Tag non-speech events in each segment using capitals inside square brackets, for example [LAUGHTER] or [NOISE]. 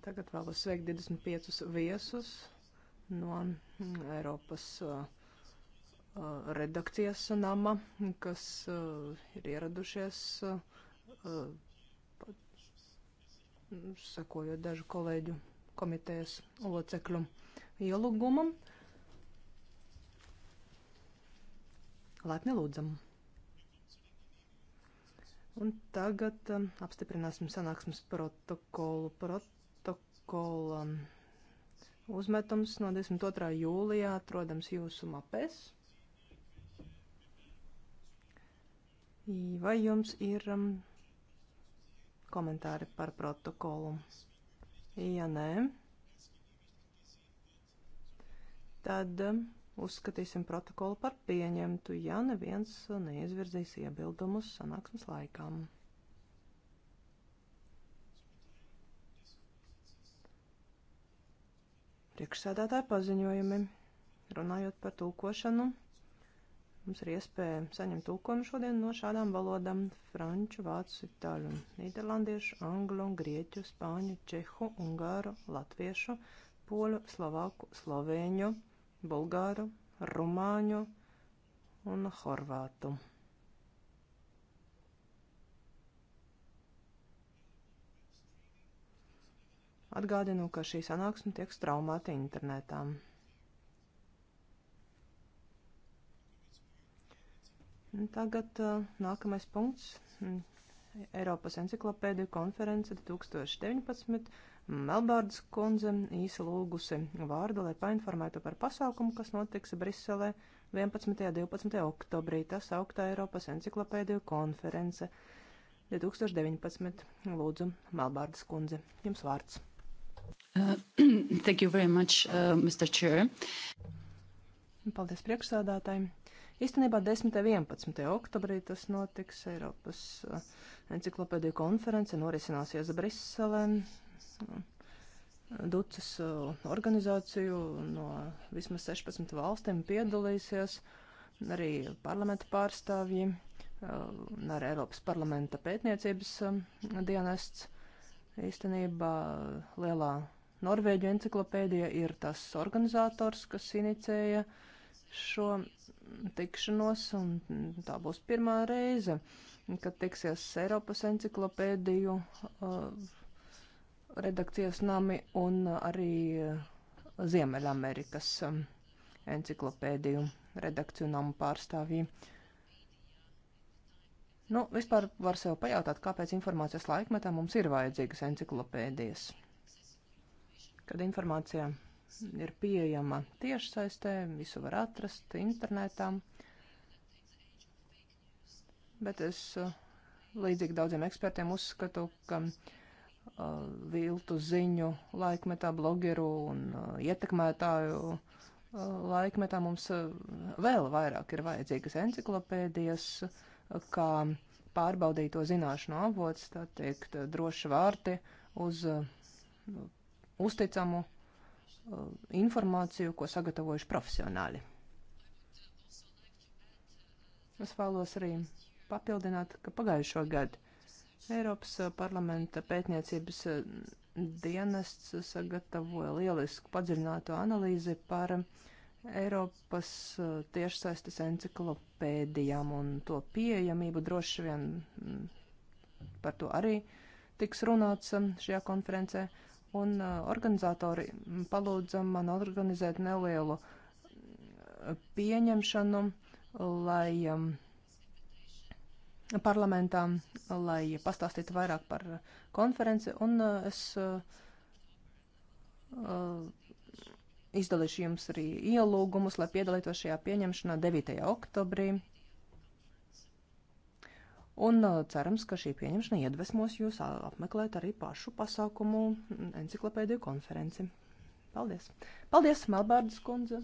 Tagad vēlos sveikt 25 viesus no mm, Eiropas uh, uh, redakcijas nama, kas uh, ir ieradušies, sakojot dažu kolēģu komitejas locekļu ielūgumam. Laipni lūdzam! Un tagad um, apstiprināsim sanāksmes protokolu. Prot protokola uzmetums no 22. jūlijā atrodams jūsu mapēs. Vai jums ir um, komentāri par protokolu? Ja nē, tad um, uzskatīsim protokolu par pieņemtu, ja neviens neizvirzīs iebildumus sanāksmes laikām. Priekšsēdētāja paziņojumi. Runājot par tulkošanu, mums ir iespēja saņemt tulkojumu šodien no šādām valodām - franču, vācu, itāļu, nīderlandiešu, anglu, grieķu, spāņu, čehu, ungāru, latviešu, poļu, slovāku, slovēņu, bulgāru, rumāņu un horvātu. Atgādinu, ka šī sanāksme tiek straumēta internetā. Tagad uh, nākamais punkts mm, - Eiropas enciklopēdija konference 2019. Melbārdas kundze īsi lūgusi vārdu, lai painformētu par pasākumu, kas notiks Briselē 11. un 12. oktobrī. Tas augtā Eiropas enciklopēdija konference 2019. Lūdzu, Melbārdas kundze, jums vārds. Uh, [CLEARS THROAT] thank you very much, uh, Mr. Chair. Paldies priekšsādātājiem. Īstenībā 10. un 11. oktobrī tas notiks Eiropas uh, enciklopēdiju konference, norisināsies Briselē. Ducas uh, organizāciju no vismaz 16 valstīm piedalīsies arī parlamenta pārstāvji, uh, arī Eiropas parlamenta pētniecības dienests. Īstenībā lielā Norvēģu enciklopēdija ir tas organizators, kas inicēja šo tikšanos, un tā būs pirmā reize, kad tiksies Eiropas enciklopēdiju uh, redakcijas nami un arī uh, Ziemeļamerikas um, enciklopēdiju redakciju namu pārstāvji. Nu, vispār var sev pajautāt, kāpēc informācijas laikmetā mums ir vajadzīgas enciklopēdijas kad informācija ir pieejama tiešsaistē, visu var atrast internetā. Bet es uh, līdzīgi daudziem ekspertiem uzskatu, ka uh, viltu ziņu laikmetā, blogeru un uh, ietekmētāju uh, laikmetā mums uh, vēl vairāk ir vajadzīgas enciklopēdijas, kā pārbaudīto zināšanu avots, tā teikt, droši vārti uz uh, uzticamu uh, informāciju, ko sagatavojuši profesionāļi. Es vēlos arī papildināt, ka pagājušo gadu Eiropas eh, parlamenta pētniecības eh, dienests sagatavoja lielisku padziļinātu analīzi par Eiropas tiešsaistes enciklopēdijām un to pieejamību droši vien mm, par to arī tiks runāts šajā konferencē un uh, organizatori mm, palūdza man organizēt nelielu mm, pieņemšanu, lai um, parlamentā, lai pastāstītu vairāk par konferenci, un uh, es uh, uh izdalīšu jums arī ielūgumus, lai piedalītos šajā pieņemšanā 9. oktobrī. Un uh, cerams, ka šī pieņemšana iedvesmos jūs apmeklēt arī pašu pasākumu mm, enciklopēdiju konferenci. Paldies! Paldies, Melbārdas kundze!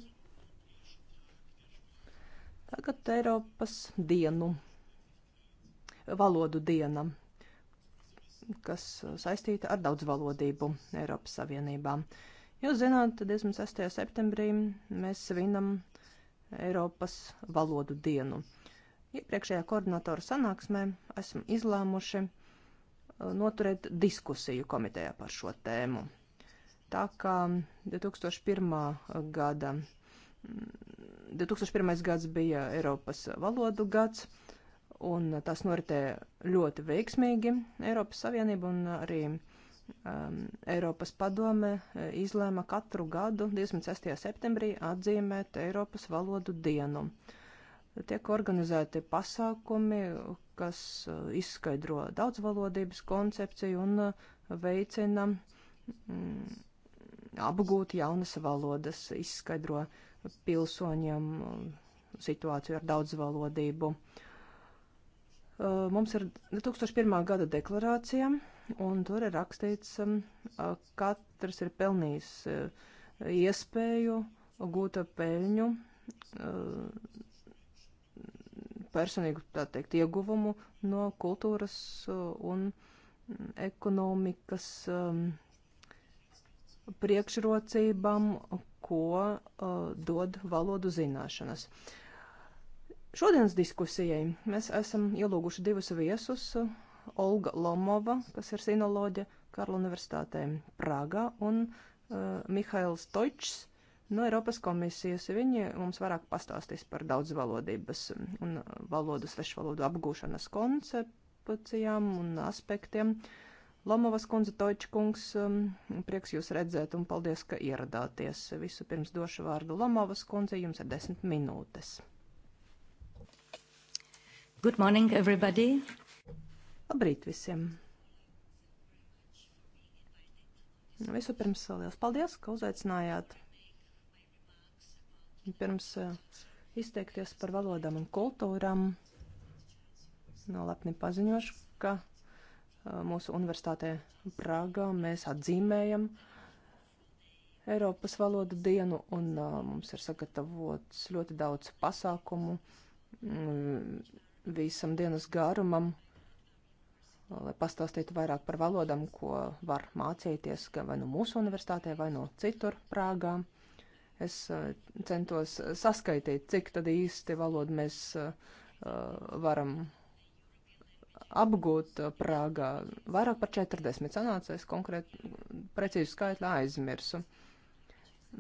Tagad Eiropas dienu, valodu diena, kas uh, saistīta ar daudzvalodību Eiropas Savienībā. Jūs zināt, 26. septembrī mēs svinam Eiropas valodu dienu. Iepriekšējā koordinatoru sanāksmē esam izlēmuši uh, noturēt diskusiju komitejā par šo tēmu. Tā kā 2001. gada 2001. Mm, gads bija Eiropas valodu gads, un tas noritēja ļoti veiksmīgi. Eiropas Savienība un arī um, Eiropas padome uh, izlēma katru gadu 26. septembrī atzīmēt Eiropas valodu dienu. Uh, tiek organizēti pasākumi, kas uh, izskaidro daudzvalodības koncepciju un uh, veicina mm, apgūt jaunas valodas, izskaidro pilsoņiem uh, situāciju ar daudzvalodību. Mums ir 2001. gada deklarācija, un tur ir rakstīts, ka um, katrs ir pelnījis iespēju gūt peļņu personīgu, tā teikt, ieguvumu no kultūras uh, un mm, ekonomikas um, priekšrocībām, ko uh, dod valodu zināšanas. Šodienas diskusijai mēs esam ielūguši divus viesus uh, - Olga Lomova, kas ir sinoloģe Karla Universitātē Prāgā, un uh, Mihails Točs, no Eiropas komisijas. Viņi mums vairāk pastāstīs par daudzvalodības un valodu, svešu valodu apgūšanas koncepcijām un aspektiem. Lomovas kundze, Točkungs, um, prieks jūs redzēt un paldies, ka ieradāties. Visu pirms došu vārdu Lomovas kundze, jums ir desmit minūtes. Good morning, everybody. Labrīt visiem! Vispirms liels paldies, ka uzaicinājāt Pirms izteikties par valodām un kultūram, nolapni paziņošu, ka mūsu universitātē Prāgā mēs atzīmējam Eiropas valodu dienu, un mums ir sagatavots ļoti daudz pasākumu visam dienas garumam, lai pastāstītu vairāk par valodām, ko var mācīties gan vai no nu mūsu universitātē, vai no nu citur Prāgā. Es centos saskaitīt, cik tad īsti valodu mēs varam apgūt Prāgā. Vairāk par 40 sanāca, es konkrēti precīzi skaitli aizmirsu.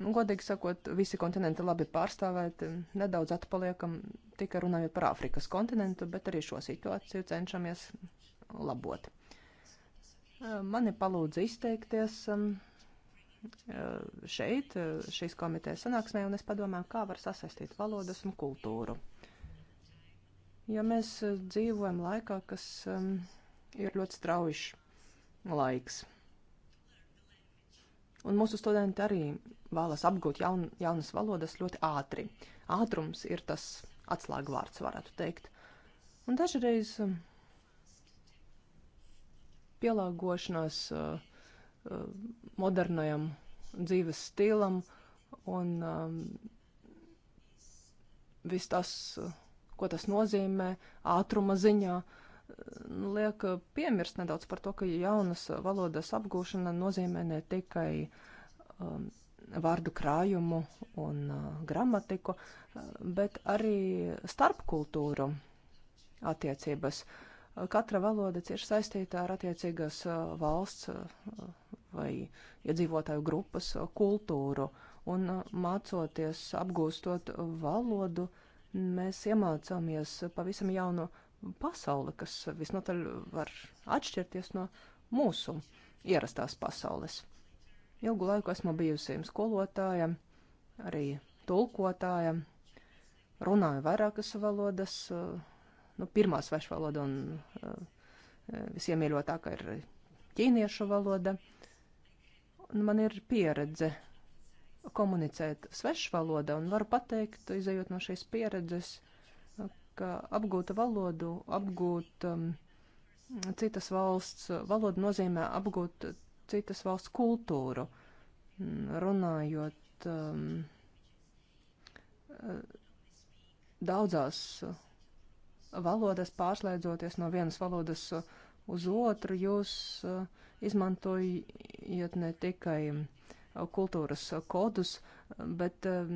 Nu, godīgi sakot, visi kontinenti labi pārstāvēti, nedaudz atpaliekam, tikai runājot par Āfrikas kontinentu, bet arī šo situāciju cenšamies labot. Mani palūdza izteikties. Um, Eh, šeit, eh, šīs komitejas sanāksmē, un es padomāju, kā var sasaistīt valodas un kultūru. Jo mēs eh, dzīvojam laikā, kas um, ir ļoti straujišs laiks. Un mūsu studenti arī vēlas apgūt jaun, jaunas valodas ļoti ātri. Ātrums ir tas atslēgvārds, varētu teikt. Un dažreiz pielāgošanās uh, Eh, modernajam dzīves stilam un um, viss tas, eh, ko tas nozīmē, ātruma ziņā, eh, nu, liek piemirst nedaudz par to, ka jaunas valodas apgūšana nozīmē ne tikai um, vārdu krājumu un uh, gramatiku, bet arī starpkultūru attiecības. Uh, Katra valoda cieši saistīta ar attiecīgās valsts vai iedzīvotāju grupas kultūru, un mācoties, apgūstot valodu, mēs iemācāmies pavisam jaunu pasauli, kas visnotaļ var atšķirties no mūsu ierastās pasaules. Ilgu laiku esmu bijusi skolotāja, arī tulkotāja, runāju vairākas valodas, nu, pirmā svešu valoda un uh, visiemīļotākā ir ķīniešu valoda. Un nu, man ir pieredze komunicēt svešu valoda un varu pateikt, izējot no šīs pieredzes, ka apgūta valodu, apgūt um, citas valsts valodu nozīmē apgūt citas valsts kultūru, mm, runājot um, eh, daudzās valodas pārslēdzoties no vienas valodas uz otru, jūs eh, izmantojat ne tikai eh, kultūras kodus, bet eh,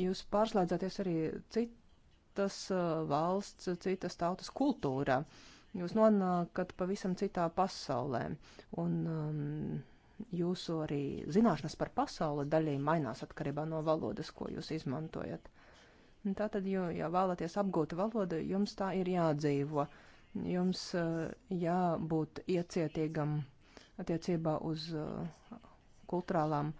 jūs pārslēdzaties arī citas valsts, citas tautas kultūrā. Jūs nonākat pavisam citā pasaulē, un um, jūsu arī zināšanas par pasauli daļai mainās atkarībā no valodas, ko jūs izmantojat. Tātad, jo, ja vēlaties apgūt valodu, jums tā ir jādzīvo. Jums eh, jābūt iecietīgam attiecībā uz eh, kultūrālām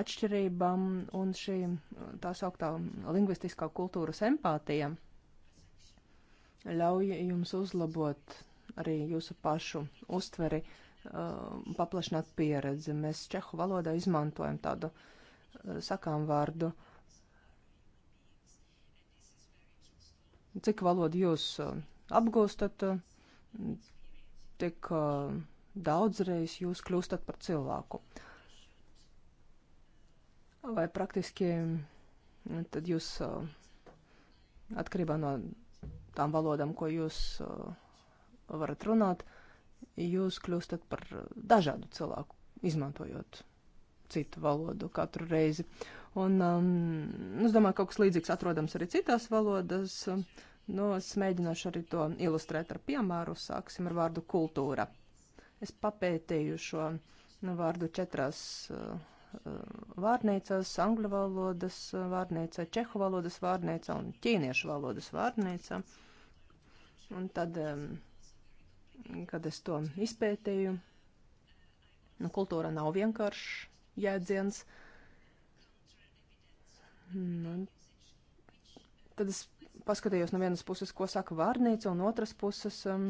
atšķirībām un šī eh, tā sauktā lingvistiskā kultūras empātija ļauj jums uzlabot arī jūsu pašu uztveri, paplašināt pieredzi. Mēs čehu valodā izmantojam tādu sakām vārdu uh, cik valodu jūs eh, apgūstat, eh, tik eh, daudzreiz jūs kļūstat par cilvēku. Vai praktiski mm, tad jūs atkarībā no tām valodām, ko jūs varat runāt, jūs kļūstat par dažādu cilvēku, izmantojot citu valodu katru reizi. Un um, nu, es domāju, ka kaut kas līdzīgs atrodams arī citās valodās. Nu, es mēģināšu arī to ilustrēt ar piemēru. Sāksim ar vārdu kultūra. Es papētīju šo nu, vārdu četrās uh, uh, vārnīcās, angļu valodas vārnīcā, čehu valodas vārnīcā un ķīniešu valodas vārnīcā. Un tad, um, kad es to izpētīju, nu, kultūra nav vienkārši jēdziens. Nu, tad es paskatījos no vienas puses, ko saka vārnīca, un otras puses, um,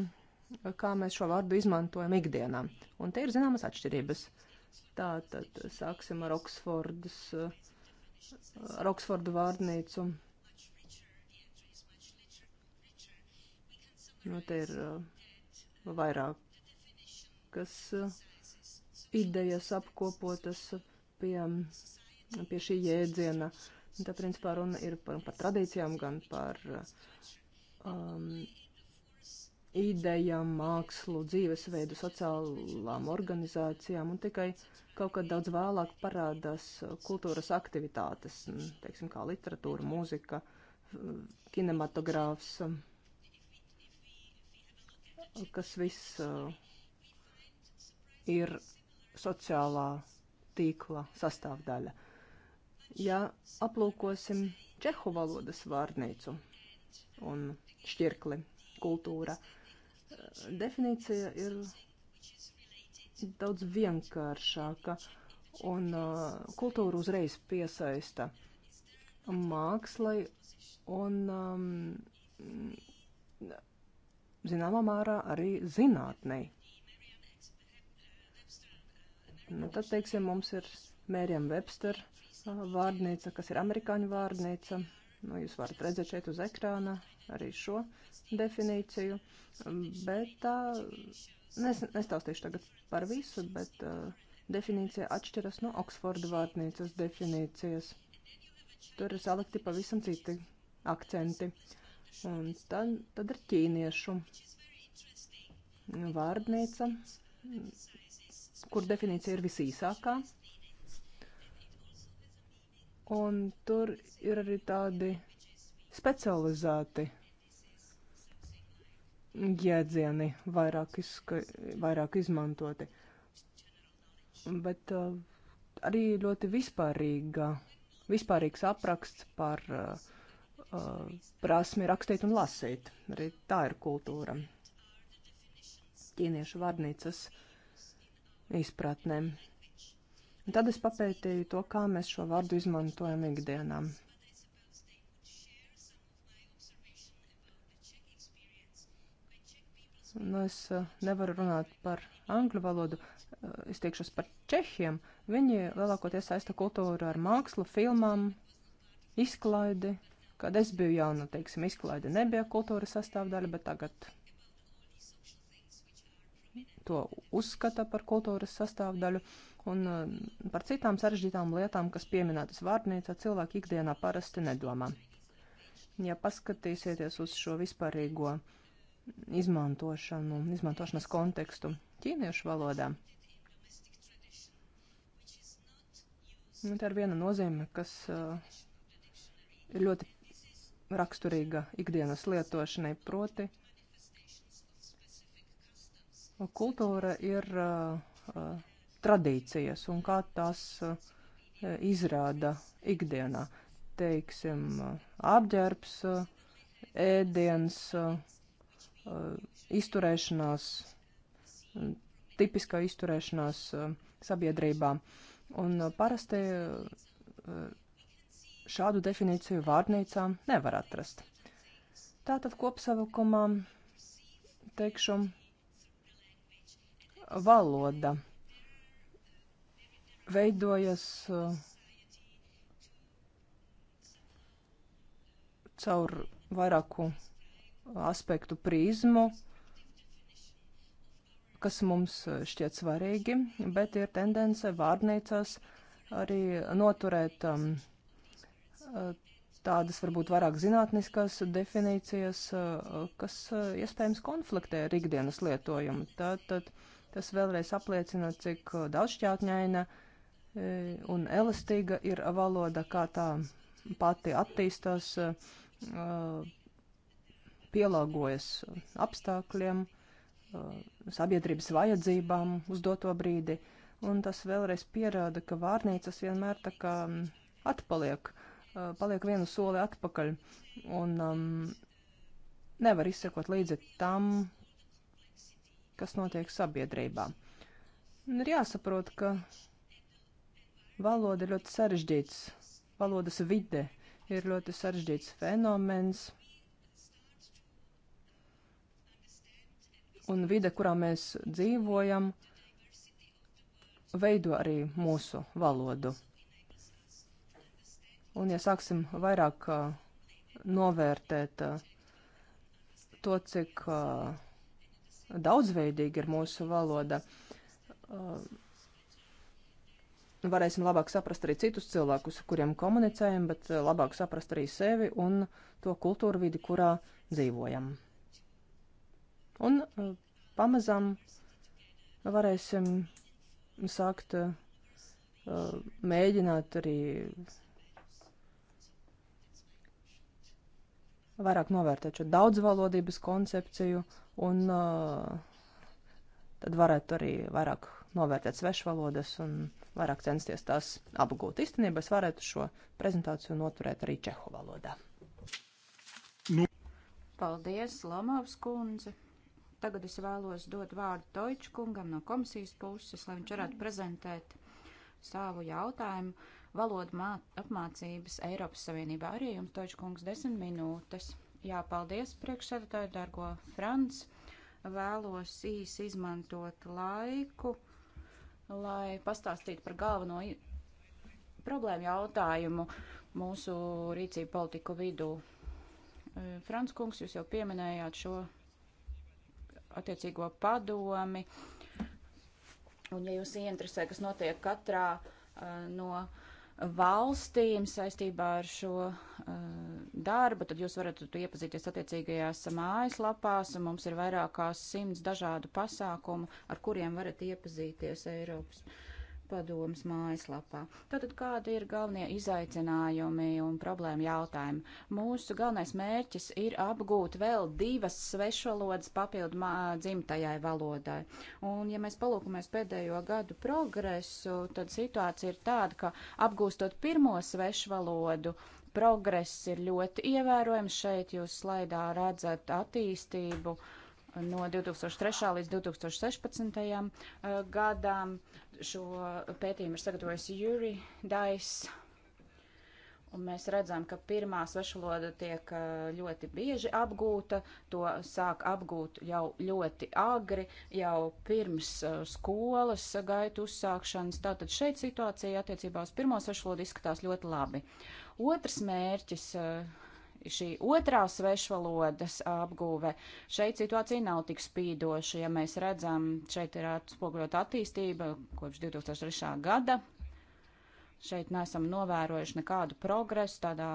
kā mēs šo vārdu izmantojam ikdienā. Un te ir zināmas atšķirības. Tātad sāksim ar Oksfordas, ar Oksfordu vārnīcu. Nu, te ir uh, vairāk kas uh, idejas apkopotas pie, pie šī jēdziena. Tā principā runa ir par, par tradīcijām, gan par um, idejām, mākslu, dzīvesveidu, sociālām organizācijām, un tikai kaut kad daudz vēlāk parādās kultūras aktivitātes, teiksim, kā literatūra, mūzika, kinematogrāfs, kas viss uh, ir sociālā tīkla sastāvdaļa. Ja aplūkosim čehu valodas vārnīcu un šķirkli kultūra, definīcija ir daudz vienkāršāka un uh, kultūru uzreiz piesaista mākslai un, um, zināmā mērā, arī zinātnei. Nu, tad, teiksim, mums ir Mēriem Webster vārnīca, kas ir amerikāņu vārnīca. Nu, jūs varat redzēt šeit uz ekrāna arī šo definīciju, bet tā, nes, nestaustīšu tagad par visu, bet uh, definīcija atšķiras no Oksforda vārnīcas definīcijas. Tur ir salikti pavisam citi akcenti. Un tad, tad ir ķīniešu vārnīca, kur definīcija ir visīsākā. Un tur ir arī tādi specializēti jēdzieni, vairāk, izska, vairāk izmantoti. Bet uh, arī ļoti vispārīga, vispārīgs apraksts par uh, uh, prasmi rakstīt un lasīt. Arī tā ir kultūra. Ķīniešu vārnīcas uh, izpratnēm. Un tad es papētīju to, kā mēs šo vārdu izmantojam ikdienā. Nu, es eh, nevaru runāt par angļu valodu, eh, es tiekšos par čehiem. Viņi lielākoties saista kultūru ar mākslu, filmām, izklaidi. Kad es biju jauna, teiksim, izklaide nebija kultūras sastāvdaļa, bet tagad to uzskata par kultūras sastāvdaļu, un eh, par citām sarežģītām lietām, kas pieminētas vārnīcā, cilvēki ikdienā parasti nedomā. Ja paskatīsieties uz šo vispārīgo izmantošanu, izmantošanas kontekstu ķīniešu valodā, nu, tā ir viena nozīme, kas uh, ir ļoti raksturīga ikdienas lietošanai, proti kultūra ir uh, uh, tradīcijas un kā tās uh, izrāda ikdienā. Teiksim, apģērbs, ēdiens, izturēšanās, mm, tipiskā izturēšanās sabiedrībā. Un parasti šādu definīciju vārnīcā nevar atrast. Tātad kopsavilkumā teikšu, valoda veidojas uh, caur vairāku aspektu prizmu, kas mums šķiet svarīgi, bet ir tendence vārnīcās arī noturēt um, tādas varbūt vairāk zinātniskās definīcijas, uh, kas uh, iespējams konfliktē ar ikdienas lietojumu. Tātad. Tā, Tas vēlreiz apliecina, cik uh, daudzšķautņaina e, un elastīga ir valoda, kā tā pati attīstās, e, e, pielāgojas apstākļiem, sabiedrības vajadzībām uz doto brīdi. Un tas vēlreiz pierāda, ka vārnīcas vienmēr tā kā atpaliek, paliek vienu soli atpakaļ un um, nevar izsekot līdzi tam, kas notiek sabiedrībā. Un ir jāsaprot, ka valoda ir ļoti sarežģīts, valodas vide ir ļoti sarežģīts fenomens. Un vide, kurā mēs dzīvojam, veido arī mūsu valodu. Un, ja sāksim vairāk uh, novērtēt uh, to, cik uh, daudzveidīga ir mūsu valoda. Uh, varēsim labāk saprast arī citus cilvēkus, ar kuriem komunicējam, bet uh, labāk saprast arī sevi un to kultūru vidi, kurā dzīvojam. Un uh, pamazām varēsim sākt uh, mēģināt arī vairāk novērtēt šo daudzvalodības koncepciju un uh, tad varētu arī vairāk novērtēt svešvalodas un vairāk censties tās apgūt. Īstenībā es varētu šo prezentāciju noturēt arī čehu valodā. Nu. Paldies, Lamovs kundze! Tagad es vēlos dot vārdu Toičkungam no komisijas puses, lai viņš varētu prezentēt savu jautājumu valodu mā, apmācības Eiropas Savienībā. Arī jums, Točkungs, desmit minūtes. Jā, paldies priekšsēdētāju, dargo Frans. Vēlos īsi izmantot laiku, lai pastāstītu par galveno problēmu jautājumu mūsu rīcību politiku vidū. E, Frans kungs, jūs jau pieminējāt šo attiecīgo padomi, un ja jūs ieinteresē, kas notiek katrā uh, no uh, valstīm saistībā ar šo uh, darbu, tad jūs varat to iepazīties attiecīgajās mājaslapās. Mums ir vairākās simts dažādu pasākumu, ar kuriem varat iepazīties Eiropas padomas mājaslapā. Tātad kādi ir galvenie izaicinājumi un problēma jautājumi? Mūsu galvenais mērķis ir apgūt vēl divas svešvalodas papildu dzimtajai valodai. Un ja mēs palūkamies pēdējo gadu progresu, tad situācija ir tāda, ka apgūstot pirmo svešvalodu, progress ir ļoti ievērojams. Šeit jūs slaidā redzat attīstību. Uh, no 2003. līdz 2016. Eh, gadām. Šo pētījumu ir sagatavojis Juri Dais. Un mēs redzam, ka pirmā svešvaloda tiek eh, ļoti bieži apgūta, to sāk apgūt jau ļoti agri, jau pirms eh, skolas gaitu uzsākšanas. Tātad šeit situācija attiecībā uz pirmo svešvalodu izskatās ļoti labi. Otrs mērķis šī otrā svešvalodas apgūve. Šeit situācija nav tik spīdoša, ja mēs redzam, šeit ir atspogļot attīstība kopš 2003. gada. Šeit nesam novērojuši nekādu progresu tādā,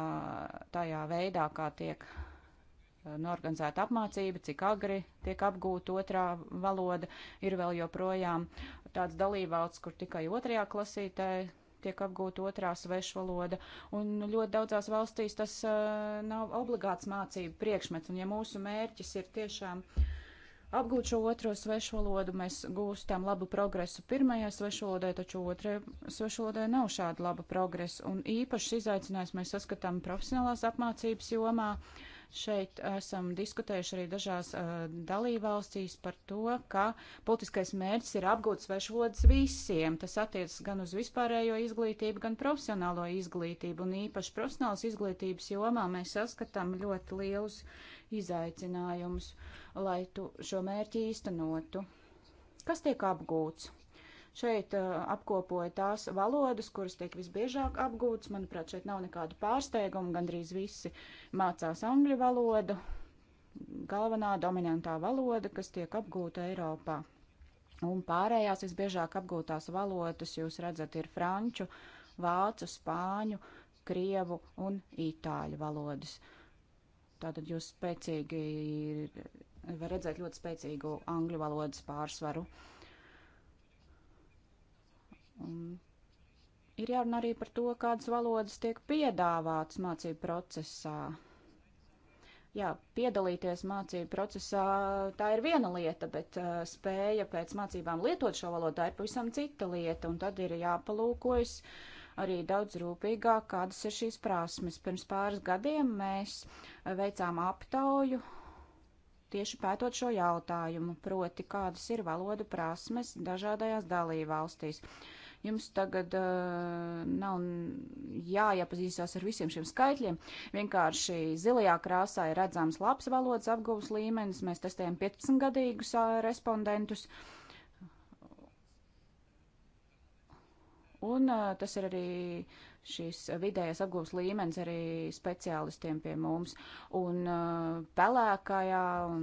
tajā veidā, kā tiek eh, norganizēta apmācība, cik agri tiek apgūta otrā valoda. Ir vēl joprojām tāds dalībvalsts, kur tikai otrajā klasītē tiek apgūta otrā svešvaloda. Un ļoti daudzās valstīs tas uh, nav obligāts mācību priekšmets. Un ja mūsu mērķis ir tiešām apgūt šo otro svešvalodu, mēs gūstam labu progresu pirmajai svešvalodai, taču otrajai svešvalodai nav šāda laba progresa. Un īpašs izaicinājums mēs saskatām profesionālās apmācības jomā. Uh, Šeit esam diskutējuši arī dažās uh, dalībvalstīs par to, ka politiskais mērķis ir apgūt svešvodas visiem. Tas attiecas gan uz vispārējo izglītību, gan profesionālo izglītību. Un īpaši profesionālas izglītības jomā mēs saskatām ļoti lielus izaicinājumus, lai tu šo mērķi īstenotu. Kas tiek apgūts? Šeit uh, apkopoja tās valodas, kuras tiek visbiežāk apgūtas. Manuprāt, šeit nav nekādu pārsteigumu. Gandrīz visi mācās angļu valodu, galvenā dominantā valoda, kas tiek apgūta Eiropā. Un pārējās visbiežāk apgūtās valodas, jūs redzat, ir franču, vācu, spāņu, krievu un itāļu valodas. Tātad jūs spēcīgi var redzēt ļoti spēcīgu angļu valodas pārsvaru. Uh, Un ir jārunā arī par to, kādas valodas tiek piedāvātas mācību procesā. Jā, piedalīties mācību procesā tā ir viena lieta, bet uh, spēja pēc mācībām lietot šo valodu tā ir pavisam cita lieta, un tad ir jāpalūkojas arī daudz rūpīgāk, kādas ir šīs prasmes. Pirms pāris gadiem mēs veicām aptauju tieši pētot šo jautājumu, proti, kādas ir valodu prasmes dažādajās dalībvalstīs. valstīs. Jums tagad uh, nav jāiepazīstās ar visiem šiem skaitļiem. Vienkārši zilajā krāsā ir redzams labs valodas apgūves līmenis. Mēs testējam 15-gadīgus uh, eh, respondentus. Un uh, tas ir arī uh, šīs vidējais apgūves līmenis arī speciālistiem pie mums. Un uh, pelēkajā un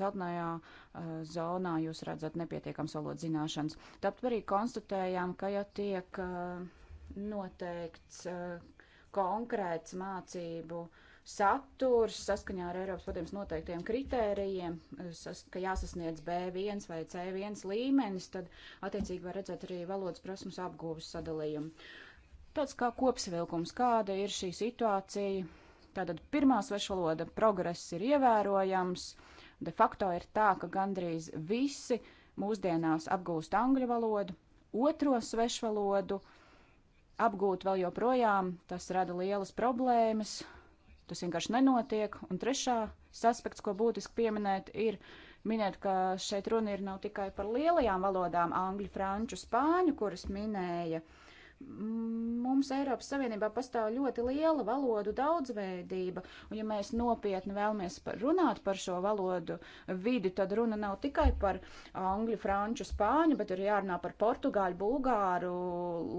celtnējā uh, zonā jūs redzat nepietiekams valodas zināšanas. Tāpēc arī konstatējām, ka ja tiek uh, noteikts uh, konkrēts mācību saturs saskaņā ar Eiropas padomus noteiktiem kritērijiem, uh, sas, ka jāsasniedz B1 vai C1 līmenis, tad attiecīgi var redzēt arī valodas prasmes apgūves sadalījumu. Uh, Tāds kā kopsavilkums, kāda ir šī situācija. Tātad pirmā svešvaloda progress ir ievērojams. De facto ir tā, ka gandrīz visi mūsdienās apgūst angļu valodu, otro svešvalodu apgūt vēl joprojām, tas rada lielas problēmas, tas vienkārši nenotiek. Un trešā aspekts, ko būtiski pieminēt, ir minēt, ka šeit runa ir nav tikai par lielajām valodām, angļu, franču, spāņu, kuras minēja uh, Mums Eiropas Savienībā pastāv ļoti liela valodu daudzveidība, un ja mēs nopietni vēlamies par, runāt par šo valodu vidi, tad runa nav tikai par angļu, franču, spāņu, bet ir jārunā par portugāļu, bulgāru,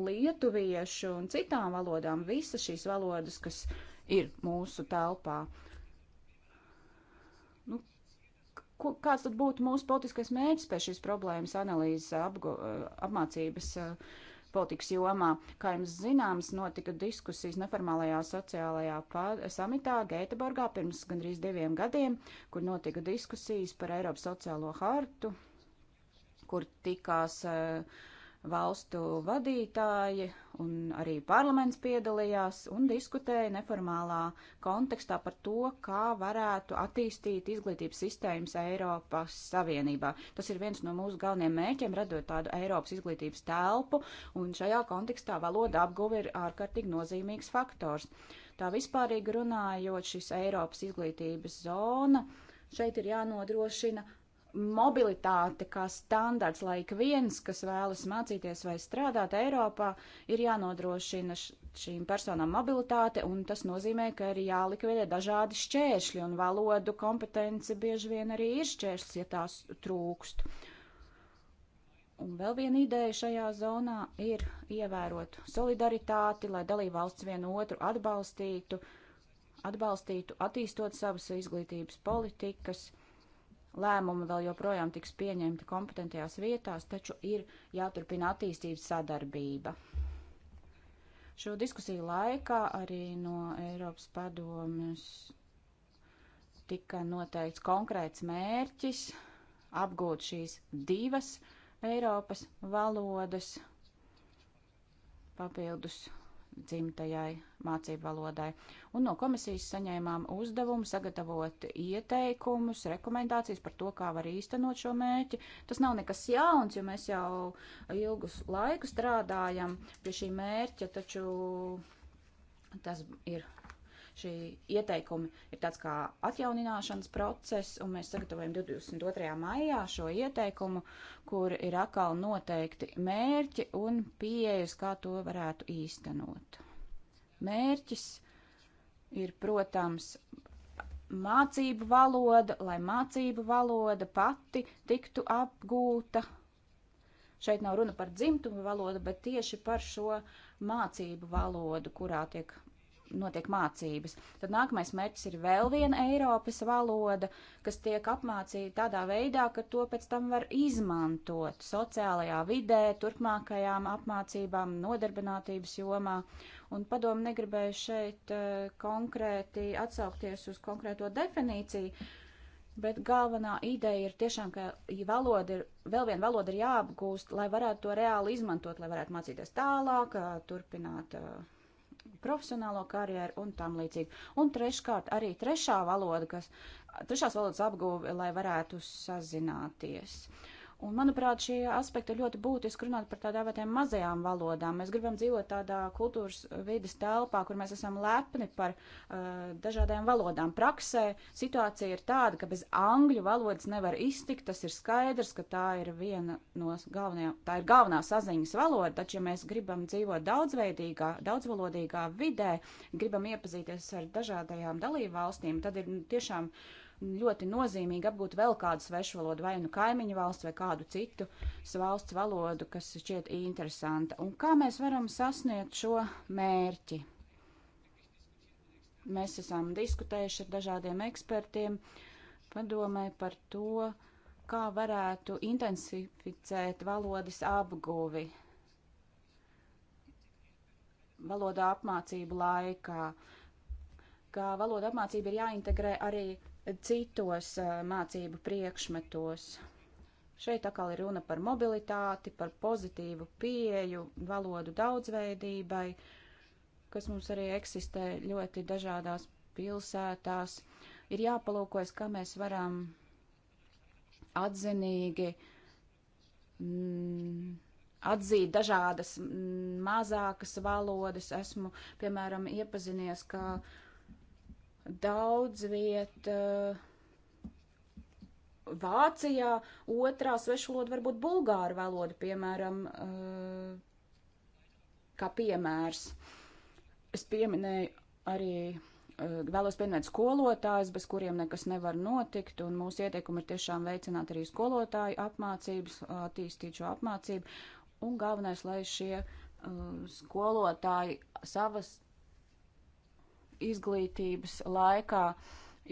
lietuviešu un citām valodām. Visas šīs valodas, kas ir mūsu telpā. Nu, kāds tad būtu mūsu politiskais mērķis pēc šīs problēmas analīzes apgo, eh, apmācības? Uh, politikas jomā. Kā jums zināms, notika diskusijas neformālajā sociālajā samitā Gēteborgā pirms gandrīz diviem gadiem, kur notika diskusijas par Eiropas sociālo hartu, kur tikās uh, valstu vadītāji un arī parlaments piedalījās un diskutēja neformālā kontekstā par to, kā varētu attīstīt izglītības sistēmas Eiropas Savienībā. Tas ir viens no mūsu galvenajiem mēķiem, radot tādu Eiropas izglītības telpu, un šajā kontekstā valoda apguve ir ārkārtīgi nozīmīgs faktors. Tā vispārīgi runājot, šis Eiropas izglītības zona šeit ir jānodrošina mobilitāte kā standarts, lai ik viens, kas vēlas mācīties vai strādāt Eiropā, ir jānodrošina šīm personām mobilitāte, un tas nozīmē, ka ir jālikvidē dažādi šķēršļi, un valodu kompetence bieži vien arī ir šķēršļs, ja tās trūkst. Un vēl viena ideja šajā zonā ir ievērot solidaritāti, lai dalībvalsts vienu otru atbalstītu, atbalstītu, attīstot savas izglītības politikas Lēmumi vēl joprojām tiks pieņemti kompetentajās vietās, taču ir jāturpina attīstības sadarbība. Šo diskusiju laikā arī no Eiropas padomjas tika noteikts konkrēts mērķis apgūt šīs divas Eiropas valodas papildus dzimtajai mācību valodai. Un no komisijas saņēmām uzdevumu sagatavot ieteikumus, rekomendācijas par to, kā var īstenot šo mērķi. Tas nav nekas jauns, jo mēs jau ilgus laiku strādājam pie šī mērķa, taču tas ir Šī ieteikumi ir tāds kā atjaunināšanas process, un mēs sagatavojam 22. maijā šo ieteikumu, kur ir atkal noteikti mērķi un pieejas, kā to varētu īstenot. Mērķis ir, protams, mācību valoda, lai mācību valoda pati tiktu apgūta. Šeit nav runa par dzimtumu valodu, bet tieši par šo mācību valodu, kurā tiek notiek mācības. Tad nākamais mērķis ir vēl viena Eiropas valoda, kas tiek apmācīta tādā veidā, ka to pēc tam var izmantot sociālajā vidē, turpmākajām apmācībām, nodarbinātības jomā. Un padomu negribēju šeit eh, konkrēti atsaukties uz konkrēto definīciju. Bet galvenā ideja ir tiešām, ka valoda ir, vēl viena valoda ir jāapgūst, lai varētu to reāli izmantot, lai varētu mācīties tālāk, turpināt uh, profesionālo karjeru un tam līdzīgi. Un treškārt arī trešā valoda, kas, trešās valodas apgūve, lai varētu sazināties. Uh, Un, manuprāt, šie aspekti ir ļoti būtiski runāt par tādām vērtēm mazajām valodām. Mēs gribam dzīvot tādā kultūras vidas telpā, kur mēs esam lepni par uh, eh, dažādām valodām. Praksē situācija ir tāda, ka bez angļu valodas nevar iztikt. Tas ir skaidrs, ka tā ir viena no galvenajām, tā ir galvenā saziņas valoda, taču, ja mēs gribam dzīvot daudzveidīgā, daudzvalodīgā vidē, gribam iepazīties ar dažādajām dalību valstīm, tad ir nu, tiešām uh, ļoti nozīmīgi apgūt vēl kādu svešu valodu, vai nu kaimiņu valsts, vai kādu citu valsts valodu, kas šķiet interesanta. Un kā mēs varam sasniegt šo mērķi? Mēs esam diskutējuši ar dažādiem ekspertiem padomē par to, kā varētu intensificēt valodas apguvi valodā apmācību laikā. Uh, ka valoda apmācība ir jāintegrē arī citos mācību priekšmetos. Šeit atkal ir runa par mobilitāti, par pozitīvu pieeju, valodu daudzveidībai, kas mums arī eksistē ļoti dažādās pilsētās. Ir jāpalūkojas, kā mēs varam atzinīgi mm, atzīt dažādas mm, mazākas valodas. Esmu, piemēram, iepazinies, ka daudz viet eh, Vācijā, otrā svešvaloda varbūt bulgāru valoda, piemēram, eh, kā piemērs. Es pieminēju arī eh, vēlos pieminēt skolotājus, bez kuriem nekas nevar notikt, un mūsu ieteikumi ir tiešām veicināt arī skolotāju apmācības, attīstīt šo apmācību, un galvenais, lai šie uh, skolotāji savas izglītības laikā,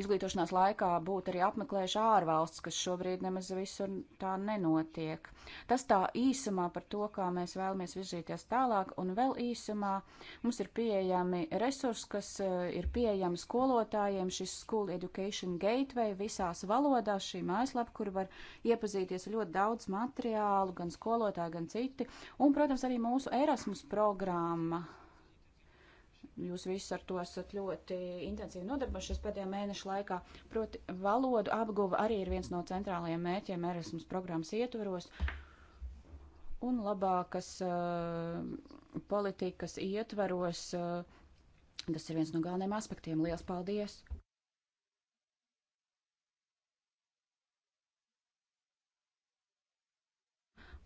izglītošanās laikā būtu arī apmeklējuši ārvalsts, kas šobrīd nemaz visur tā nenotiek. Tas tā īsumā par to, kā mēs vēlamies virzīties tālāk, un vēl īsumā mums ir pieejami resursi, kas eh, ir pieejami skolotājiem, šis School Education Gateway visās valodās, šī mājaslapa, kur var iepazīties ļoti daudz materiālu, gan skolotāji, gan citi, un, protams, arī mūsu Erasmus programma Jūs visi ar to esat ļoti intensīvi nodarbojušies pēdējā mēneša laikā. Proti, valodu apguva arī ir viens no centrālajiem mērķiem Erasmus programmas ietvaros. Un labākas uh, politikas ietvaros, uh, tas ir viens no galvenajiem aspektiem. Lielas paldies!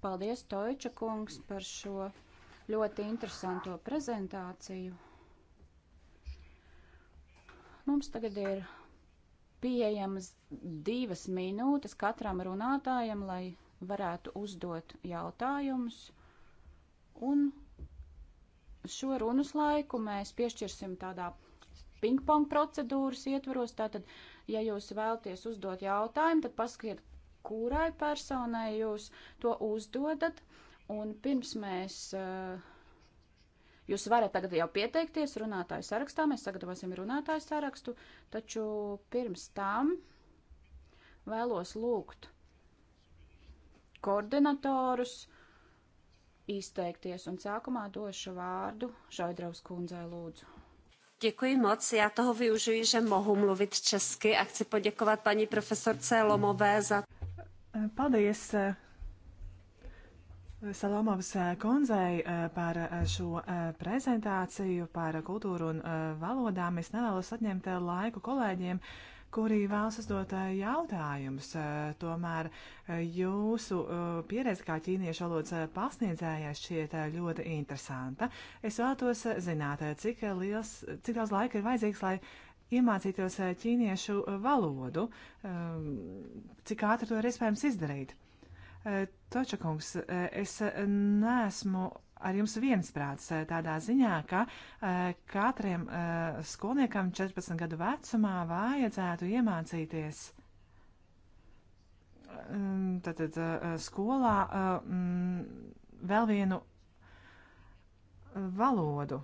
Paldies, Toiča kungs, par šo ļoti interesanto prezentāciju. Mums tagad ir pieejamas divas minūtes katram runātājam, lai varētu uzdot jautājumus. Un šo runas laiku mēs piešķirsim tādā ping-pong procedūras ietvaros. Tātad, ja jūs vēlaties uzdot jautājumu, tad paskatiet, kurai personai jūs to uzdodat. Un pirms mēs uh, Jūs varat tagad jau pieteikties runātāju sarakstā, mēs sagatavosim runātāju sarakstu, taču pirms tam vēlos lūgt koordinatorus izteikties, un sākumā došu vārdu Šaidraus kundzei lūdzu. Děkuji moc. Já toho využiju, že mohu mluvit česky a chci poděkovat paní profesorce Lomové za. Paldies, Salomovs eh, kundzei eh, par eh, šo prezentāciju par kultūru un valodām. Es nevēlos atņemt laiku kolēģiem, kuri vēlas uzdot jautājumus. Tomēr jūsu pieredze kā ķīniešu valodas pasniedzējai šķiet ļoti interesanta. Es vēlētos zināt, cik, liels, cik daudz laika ir vajadzīgs, lai iemācītos ķīniešu valodu, ehm, cik ātri to ir iespējams izdarīt. Eh, Točakungs, eh, es eh, neesmu ar jums viensprāts tādā ziņā, ka katram skolniekam 14 gadu vecumā vajadzētu iemācīties tātad mm, skolā mm, vēl vienu valodu.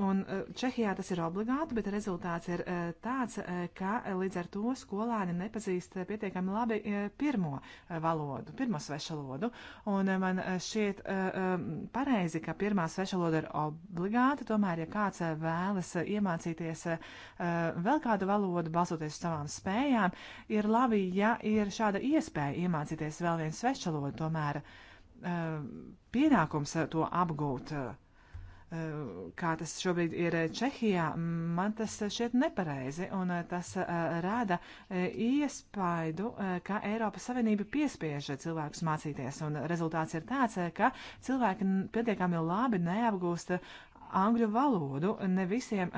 Un e, Čehijā tas ir obligāti, bet rezultāts ir e, tāds, e, ka līdz ar to skolāni nepazīst pietiekami labi pirmo valodu, pirmo svešvalodu. Un man šķiet pareizi, ka pirmā svešvaloda ir obligāta, tomēr, ja kāds vēlas iemācīties vēl kādu valodu, balsoties uz savām spējām, ir labi, ja ir šāda iespēja iemācīties vēl vienu svešvalodu, tomēr pienākums to apgūt Eh, kā tas šobrīd ir eh, Čehijā, man tas eh, šķiet nepareizi, un tas rāda iespaidu, ka Eiropas Savienība piespiež cilvēkus mācīties, un rezultāts ir tāds, ka cilvēki pietiekami labi neapgūst angļu valodu. Ne visiem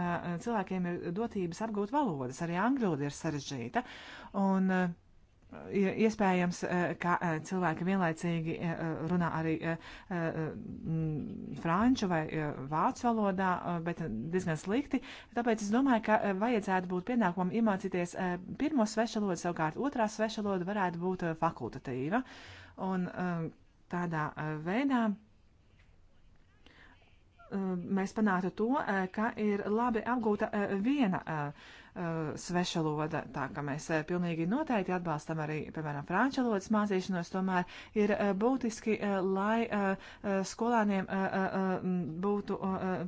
cilvēkiem ir dotības apgūt valodas, arī angļu valoda ir sarežģīta, un Iespējams, eh, ka eh, cilvēki vienlaicīgi eh, runā arī mm, franču vai vācu valodā, bet diezgan slikti. Tāpēc es domāju, ka vajadzētu būt pienākumam iemācīties pirmo svešu lodu, savukārt otrā svešu loda varētu būt fakultatīva. Un tādā veidā mēs panātu to, ka ir labi apgūta viena Eh, sveša loda, tā ka mēs eh, pilnīgi noteikti atbalstam arī, piemēram, franču lodas mācīšanos, tomēr ir būtiski, lai skolēniem būtu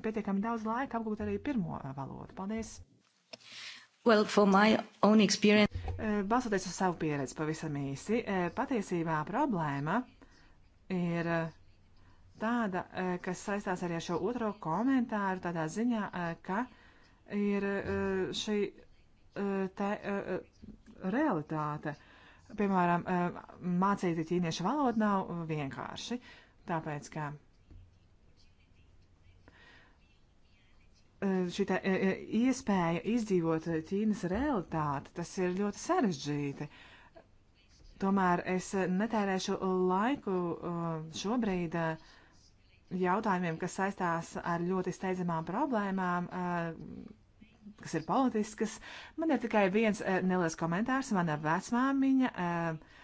pietiekami daudz laika apgūt arī pirmo eh, valodu. Paldies! Well, for my own experience. Balstoties uz savu pieredzi pavisam īsi, patiesībā problēma ir tāda, kas saistās arī ar šo otro komentāru, tādā ziņā, ka ir eh, šī eh, te eh, realitāte. Piemēram, mācīt ķīniešu valodu nav vienkārši, tāpēc, ka šī tā iespēja izdzīvot Ķīnas realitāti, tas ir ļoti sarežģīti. Tomēr es netērēšu laiku šobrīd uh, jautājumiem, kas saistās ar ļoti steidzamām problēmām, eh, kas ir politiskas. Man ir tikai viens eh, neliels komentārs. Mana vecmāmiņa eh,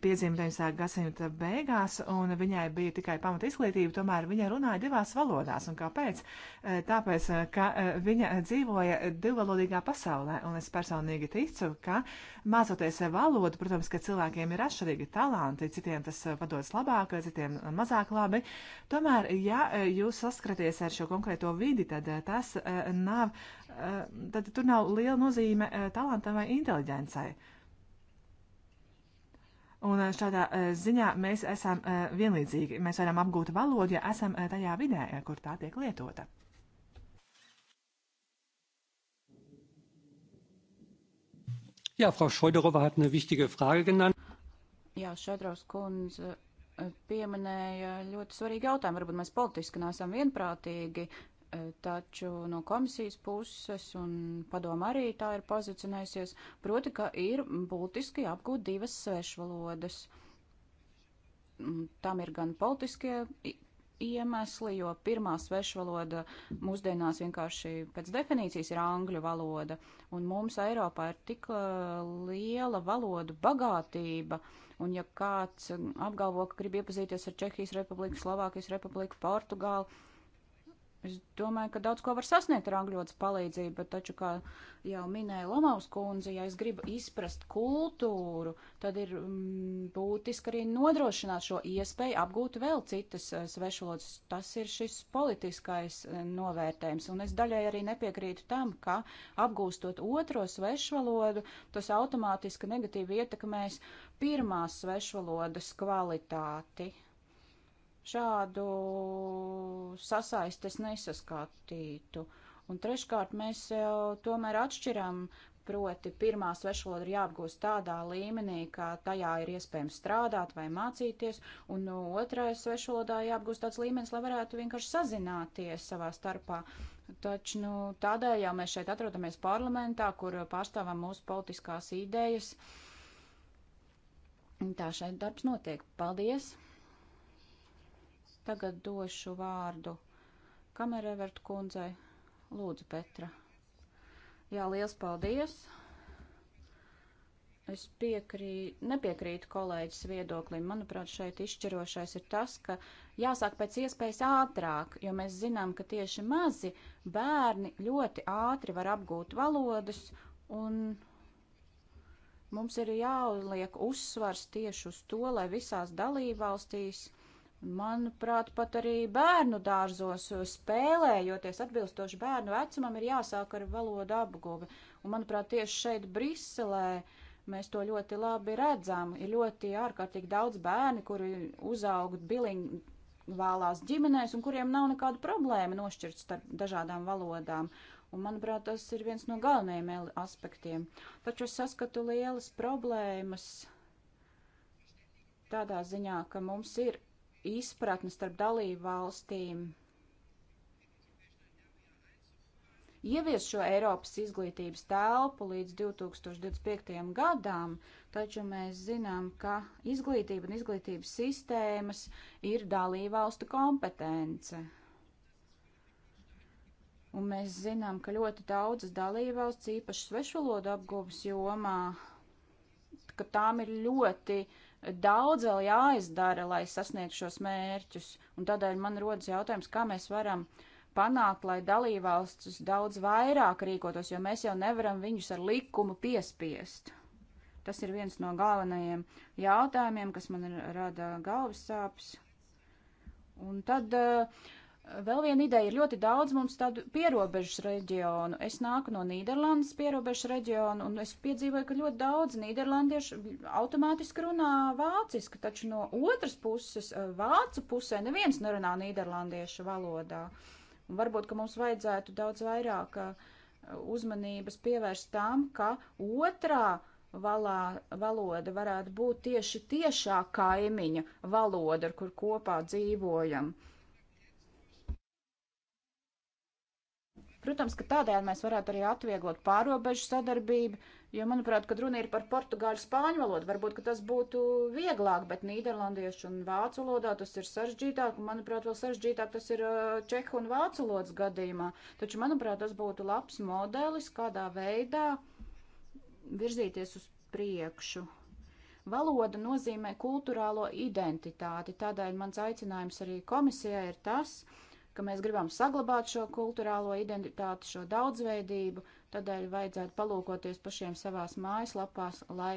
piedzima 90. gadsimta beigās, un viņai bija tikai pamata izglītība, tomēr viņa runāja divās valodās. Un kāpēc? Eh, tāpēc, eh, ka eh, viņa dzīvoja divvalodīgā pasaulē, un es personīgi ticu, ka mācoties valodu, protams, ka cilvēkiem ir atšķirīgi talanti, citiem tas padodas labāk, citiem mazāk labi. Tomēr, ja jūs saskaties ar šo konkrēto vidi, tad tas nav, tad tur nav liela nozīme talantam vai inteliģencei. Un eh, šādā eh, ziņā mēs esam eh, vienlīdzīgi. Mēs varam apgūt valodu, ja esam tajā vidē, kur tā tiek lietota. Jā, Frau Šoidorova hat eine wichtige Frage genannt. Jā, Šodrovs kundze pieminēja ļoti svarīgu jautājumu. Varbūt mēs politiski nesam vienprātīgi, taču no komisijas puses un padoma arī tā ir pozicionējusies, proti, ka ir būtiski apgūt divas svešvalodas. Tam ir gan politiskie iemesli, jo pirmā svešvaloda mūsdienās vienkārši pēc definīcijas ir angļu valoda, un mums Eiropā ir tik liela valodu bagātība, un ja kāds apgalvo, ka grib iepazīties ar Čehijas republiku, Slovākijas republiku, Portugālu, Es domāju, ka daudz ko var sasniegt ar angļotas palīdzību, bet taču, kā jau minēja Lomaus kundze, ja es gribu izprast kultūru, tad ir mm, būtiski arī nodrošināt šo iespēju apgūt vēl citas eh, svešvalodas. Tas ir šis politiskais eh, novērtējums, un es daļai arī nepiekrītu tam, ka apgūstot otro svešvalodu, tas automātiski negatīvi ietekmēs pirmās svešvalodas kvalitāti šādu sasaistes nesaskatītu. Un treškārt mēs jau tomēr atšķiram, proti pirmā svešvaloda ir jāapgūst tādā līmenī, ka tajā ir iespējams strādāt vai mācīties, un no otrais svešvalodā jāapgūst tāds līmenis, lai varētu vienkārši sazināties savā starpā. Taču nu, tādēļ jau mēs šeit atrodamies parlamentā, kur pārstāvam mūsu politiskās idejas. Tā šeit darbs notiek. Paldies! Tagad došu vārdu kamerevert kundzei. Lūdzu, Petra. Jā, liels paldies. Es piekrī, nepiekrītu kolēģis viedoklim. Manuprāt, šeit izšķirošais ir tas, ka jāsāk pēc iespējas ātrāk, jo mēs zinām, ka tieši mazi bērni ļoti ātri var apgūt valodas, un mums ir jāliek uzsvars tieši uz to, lai visās dalībvalstīs Manuprāt, pat arī bērnu dārzos spēlējoties atbilstoši bērnu vecumam ir jāsāk ar valodu apguve. Un, manuprāt, tieši šeit Briselē mēs to ļoti labi redzam. Ir ļoti ārkārtīgi daudz bērni, kuri uzaug bilingvālās ģimenēs un kuriem nav nekāda problēma nošķirt starp dažādām valodām. Un, manuprāt, tas ir viens no galvenajiem aspektiem. Taču es saskatu lielas problēmas tādā ziņā, ka mums ir izpratni starp dalību valstīm. Ievies šo Eiropas izglītības telpu līdz 2025. gadām, taču mēs zinām, ka izglītība un izglītības sistēmas ir dalībvalstu kompetence. Un mēs zinām, ka ļoti daudzas dalībvalsts, īpaši svešvalodu apgūves jomā, ka tām ir ļoti uh, daudz vēl jāizdara, lai sasniegtu šos mērķus. Un tādēļ man rodas jautājums, kā mēs varam panākt, lai dalībvalstis daudz vairāk rīkotos, jo mēs jau nevaram viņus ar likumu piespiest. Tas ir viens no galvenajiem jautājumiem, kas man rada galvas sāpes. Un tad uh, Vēl viena ideja ir ļoti daudz mums tādu pierobežas reģionu. Es nāku no Nīderlandes pierobežas reģionu, un es piedzīvoju, ka ļoti daudz nīderlandiešu automātiski runā vāciski, taču no otras puses, eh, vācu pusē neviens nerunā nīderlandiešu valodā. Un varbūt, ka mums vajadzētu daudz vairāk eh, uzmanības pievērst tam, ka otrā valā, valoda varētu būt tieši tiešā kaimiņa valoda, ar kur kopā dzīvojam. Uh, Protams, ka tādējādi mēs varētu arī atvieglot pārobežu sadarbību, jo, manuprāt, kad runa ir par portugāļu spāņu valodu, varbūt, ka tas būtu vieglāk, bet nīderlandiešu un vācu valodā tas ir sarežģītāk, un, manuprāt, vēl sarežģītāk tas ir čehu un vācu valodas gadījumā. Taču, manuprāt, tas būtu labs modelis, kādā veidā virzīties uz priekšu. Valoda nozīmē kultūrālo identitāti, tādēļ mans aicinājums arī komisijai ir tas, ka ka mēs gribam saglabāt šo kultūrālo identitāti, šo daudzveidību, tādēļ vajadzētu palūkoties pašiem savās mājaslapās, lai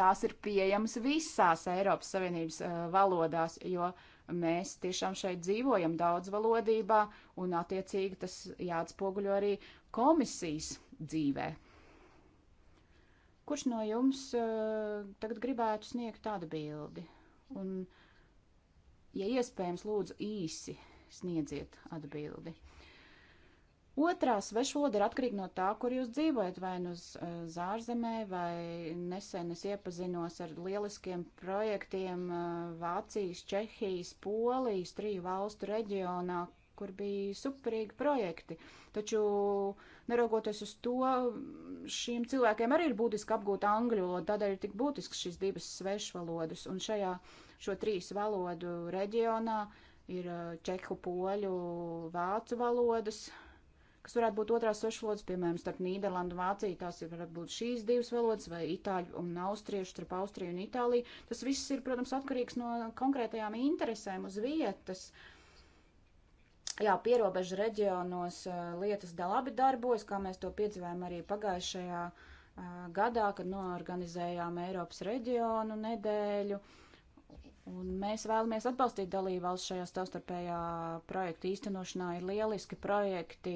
tās ir pieejamas visās Eiropas Savienības uh, valodās, jo mēs tiešām šeit dzīvojam daudzvalodībā un attiecīgi tas jāatspoguļo arī komisijas dzīvē. Kurš no jums uh, tagad gribētu sniegt tādu bildi? Un uh, Ja iespējams, lūdzu īsi sniedziet atbildi. Otrā svešvaloda ir atkarīga no tā, kur jūs dzīvojat, vai nu uz uh, zārzemē, vai nesen es iepazinos ar lieliskiem projektiem uh, Vācijas, Čehijas, Polijas, triju valstu reģionā, kur bija superīgi projekti. Taču, neraugoties uz to, šiem cilvēkiem arī ir būtiski apgūt angļu valodu, tādēļ ir tik būtisks šis divas svešvalodas. Un šajā uh, šo trīs valodu reģionā ir uh, čehu, poļu, vācu valodas, kas varētu būt otrās svešvalodas, piemēram, starp Nīderlandu un Vāciju. Tās ir varētu būt šīs divas valodas, vai itāļu un austriešu, starp Austriju un Itāliju. Tas viss ir, protams, atkarīgs no konkrētajām interesēm uz vietas. Jā, pierobežu reģionos uh, lietas da labi darbojas, kā mēs to piedzīvājam arī pagājušajā uh, gadā, kad norganizējām Eiropas reģionu nedēļu. Uh, Un mēs vēlamies atbalstīt dalībvalsts šajā savstarpējā projekta īstenošanā. Ir lieliski projekti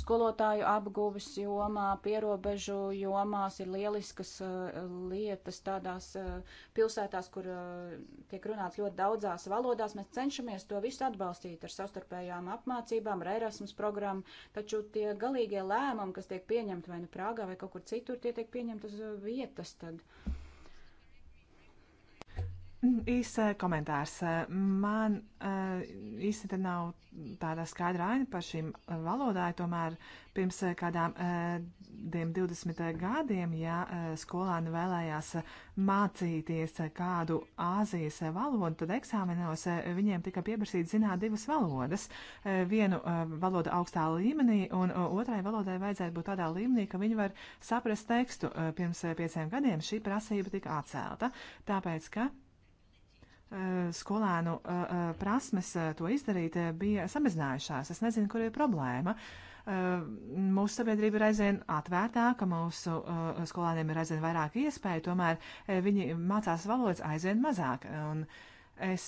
skolotāju apguves jomā, pierobežu jomās, ir lieliskas uh, lietas tādās uh, pilsētās, kur uh, tiek runāts ļoti daudzās valodās. Mēs cenšamies to visu atbalstīt ar savstarpējām apmācībām, ar Erasmus programmu, taču tie galīgie lēmumi, kas tiek pieņemti vai nu Prāgā vai kaut kur citur, tie tiek pieņemti uz vietas tad. Uh, Īs komentārs. Man eh, īsti te nav tāda skaidra aina par šīm valodāju, tomēr pirms eh, kādām 20 eh, gadiem, ja skolāni vēlējās mācīties kādu Āzijas valodu, tad eksāmenos viņiem tika pieprasīts zināt divas valodas. Vienu valodu augstā līmenī, un otrai valodai vajadzētu būt tādā līmenī, ka viņi var saprast tekstu. Pirms pieciem gadiem šī prasība tika atcelta, tāpēc, ka Eh, skolēnu eh, eh, prasmes to izdarīt bija samazinājušās. Es nezinu, kur ir problēma. Mūsu sabiedrība ir aizvien atvērtāka, mūsu skolēniem ir aizvien vairāk iespēju, tomēr viņi mācās valodas aizvien mazāk. Un es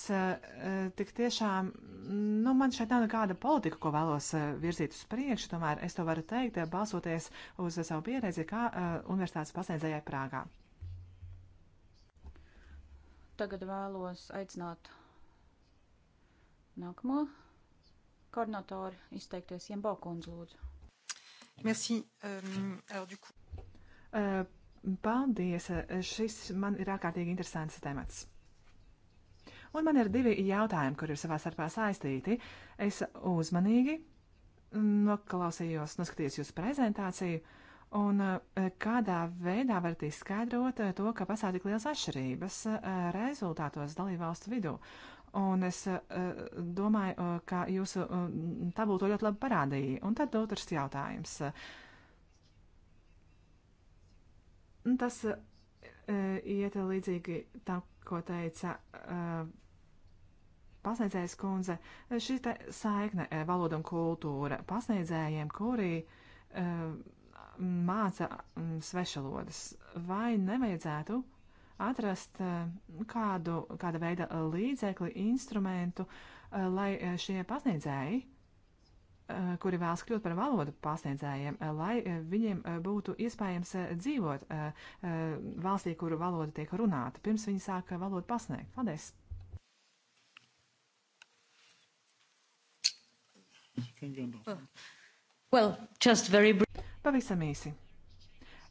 tik tiešām, nu, man šeit nav nekāda politika, ko vēlos virzīt uz priekšu, tomēr es to varu teikt, balsoties uz savu pieredzi kā universitātes pasniedzējai Prāgā. Tagad vēlos aicināt nākamo koordinatoru izteikties Jembo kundze lūdzu. Merci. Um, alors, du coup... uh, paldies. Šis man ir ārkārtīgi interesants temats. Un man ir divi jautājumi, kur ir savā starpā saistīti. Es uzmanīgi noklausījos, noskatījos jūsu prezentāciju. Uh, Un eh, kādā veidā varat izskaidrot eh, to, ka pastāv tik liels atšķirības eh, rezultātos dalībvalstu vidū? Un es domāju, ka jūsu mm, tabula to ļoti labi parādīja. Un tad otrs jautājums. Tas iet līdzīgi tam, ko teica pasniedzējas kundze. Šī saikne valoda un kultūra pasniedzējiem, kuri māca mm, svešalodas. Vai nevajadzētu atrast mm, kādu, kāda veida līdzekli, instrumentu, mm, lai šie pasniedzēji, kuri vēlas kļūt par valodu pasniedzējiem, lai viņiem būtu iespējams dzīvot valstī, kuru valoda tiek runāta, pirms viņi sāk valodu pasniegt. Paldies! Well, just very brief. Pavisam īsi.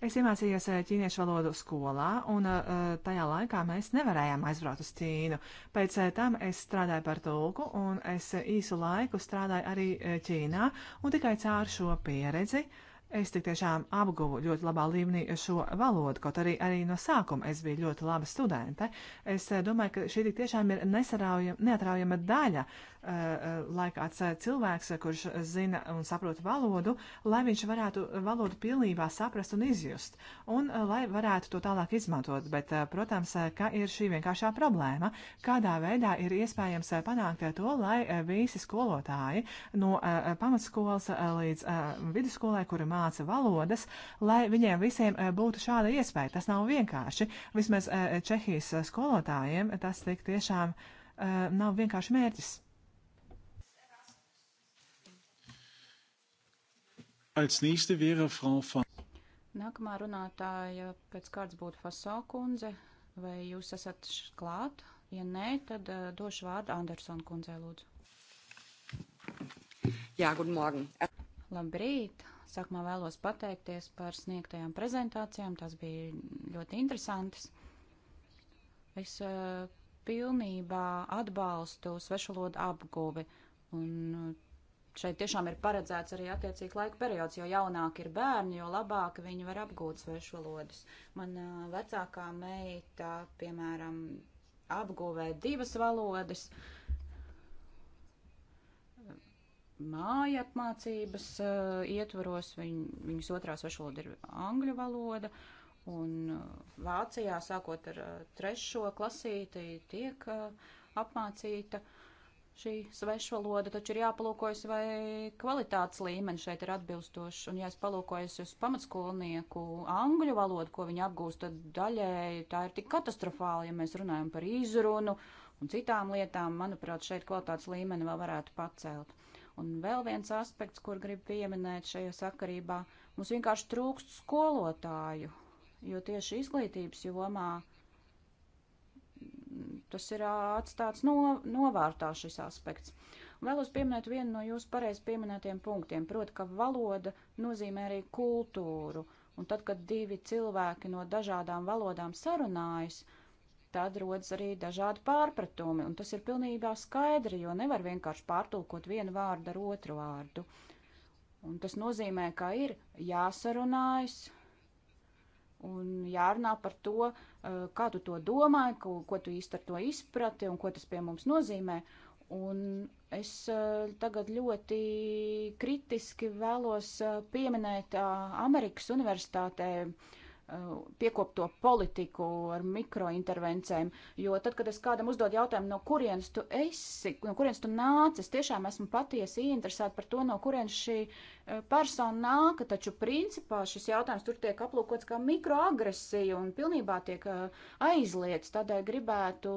Es iemācījos eh, ķīniešu valodu skolā, un eh, tajā laikā mēs nevarējām aizbraukt uz Ķīnu. Pēc eh, tam es strādāju par tulku, un es īsu laiku strādāju arī Ķīnā, un tikai caur šo pieredzi uh, Es tik tiešām apguvu ļoti labā līmenī šo valodu, kaut arī, arī no sākuma es biju ļoti laba studente. Es eh, domāju, ka šī tik tiešām ir neatraujama daļa, eh, eh, lai kāds cilvēks, kurš zina un saprot valodu, lai viņš varētu valodu pilnībā saprast un izjust, un lai varētu to tālāk izmantot. Bet, protams, ka ir šī vienkāršā problēma, kādā veidā ir iespējams panākt to, lai visi skolotāji no pamatskolas līdz vidusskolai, kuri mācās, māca valodas, lai viņiem visiem eh, būtu šāda iespēja. Tas nav vienkārši. Vismaz eh, Čehijas eh, skolotājiem tas tik tiešām nav vienkārši mērķis. Als nächste wäre Frau van. Nākamā runātāja pēc kārtas būtu Fasā kundze. Vai jūs esat klāt? Ja nē, tad uh, došu vārdu Andersona kundzei lūdzu. Jā, guten morgen. Labrīt. Sākumā vēlos pateikties par sniegtajām prezentācijām, tās bija ļoti interesantas. Es uh, pilnībā atbalstu svešvalodu apguvi, un e, šeit tiešām ir paredzēts arī attiecīgi laika periods, jo jaunāki ir bērni, jo labāk viņi var apgūt svešvalodas. Man uh, vecākā meita, piemēram, apguvē divas valodas, uh, māja apmācības uh, ietvaros, viņ, viņas otrā svešvaloda ir angļu valoda, un uh, Vācijā sākot ar uh, trešo klasīti tiek uh, apmācīta šī svešvaloda, taču ir jāpalūkojas, vai kvalitātes līmenis šeit ir atbilstošs, un ja es palūkojos uz pamatskolnieku angļu valodu, ko viņi apgūst, tad daļēji tā ir tik katastrofāli, ja mēs runājam par izrunu un citām lietām, manuprāt, šeit kvalitātes līmeni vēl varētu pacelt. Un vēl viens aspekts, kur gribu pieminēt šajā sakarībā, mums vienkārši trūkst skolotāju, jo tieši izglītības jomā tas ir atstāts no, novārtā šis aspekts. Vēlos pieminēt vienu no jūsu pareiz pieminētiem punktiem, proti, ka valoda nozīmē arī kultūru. Un tad, kad divi cilvēki no dažādām valodām sarunājas, uh, tad rodas arī dažādi pārpratumi, un tas ir pilnībā skaidri, jo nevar vienkārši pārtulkot vienu vārdu ar otru vārdu. Un tas nozīmē, ka ir jāsarunājas un jārunā par to, eh, kā tu to domā, ko, ko tu īsti ar to izprati un ko tas pie mums nozīmē. Un es eh, tagad ļoti kritiski vēlos eh, pieminēt Amerikas universitātē uh, Uh, piekopto politiku ar mikrointervencēm, jo tad, kad es kādam uzdod jautājumu, no kurienes tu esi, no kurienes tu nāc, es tiešām esmu patiesi interesēta par to, no kurienes šī uh, persona nāka, taču principā šis jautājums tur tiek aplūkots kā mikroagresija un pilnībā tiek uh, aizliets, tādēļ gribētu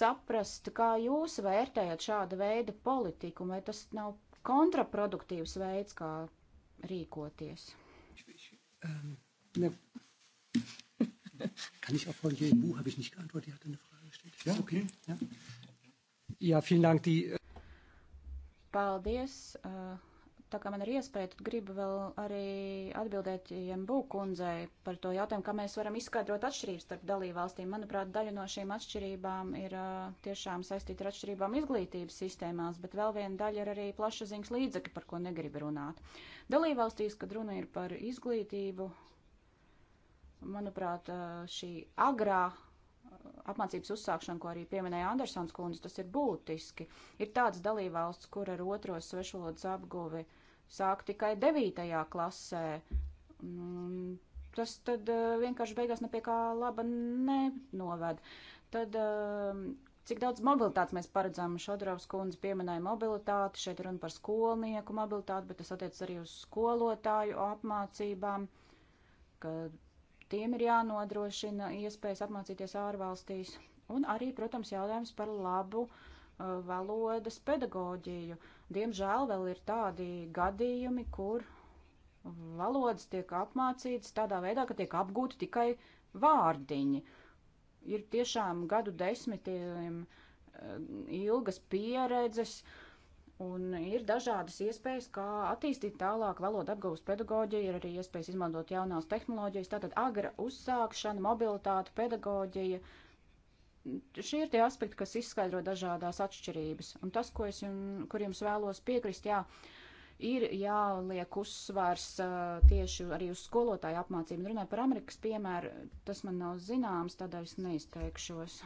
saprast, kā jūs vērtējat šāda veida politiku, vai tas nav kontraproduktīvs veids, kā rīkoties. Um, ne, [LAUGHS] Kann ich auch Frau Jebu, habe ich nicht geantwortet, die hat eine Frage gestellt. Ja, okay. Ja, ja vielen Dank. Die, äh, Paldies. Äh, tā kā man ir iespēja, tad gribu vēl arī atbildēt Jembu kundzei par to jautājumu, kā mēs varam izskaidrot atšķirības starp dalībvalstīm. Manuprāt, daļa no šīm atšķirībām ir tiešām saistīta ar atšķirībām izglītības sistēmās, bet vēl viena daļa ir arī plašsaziņas līdzekļi, par ko negribu runāt. Dalībvalstīs, kad runa ir par izglītību, Manuprāt, šī agrā apmācības uzsākšana, ko arī pieminēja Andersons kundze, tas ir būtiski. Ir tāds dalībvalsts, kur ar otro svešvalodas apguvi sāk tikai 9. klasē. Mm, tas tad vienkārši beigās ne pie kā laba nenoved. Tad, cik daudz mobilitātes mēs paredzam? Šodravs kundze pieminēja mobilitāti, šeit runa par skolnieku mobilitāti, bet tas attiec arī uz skolotāju apmācībām, kad tiem ir jānodrošina iespējas apmācīties ārvalstīs. Un arī, protams, jautājums par labu uh, valodas pedagoģiju. Diemžēl vēl ir tādi gadījumi, kur valodas tiek apmācītas tādā veidā, ka tiek apgūti tikai vārdiņi. Ir tiešām gadu desmitiem uh, ilgas pieredzes uh, Un ir dažādas iespējas, kā attīstīt tālāk valodu apgūves pedagoģiju, ir arī iespējas izmantot jaunās tehnoloģijas, tātad agra uzsākšana, mobilitāte, pedagoģija. Šie ir tie aspekti, kas izskaidro dažādās atšķirības. Un tas, ko es jums, kur jums vēlos piekrist, jā, ir jāliek uzsvars tieši arī uz skolotāju apmācību. Un runāju par Amerikas piemēru, tas man nav zināms, tādēļ es neizteikšos.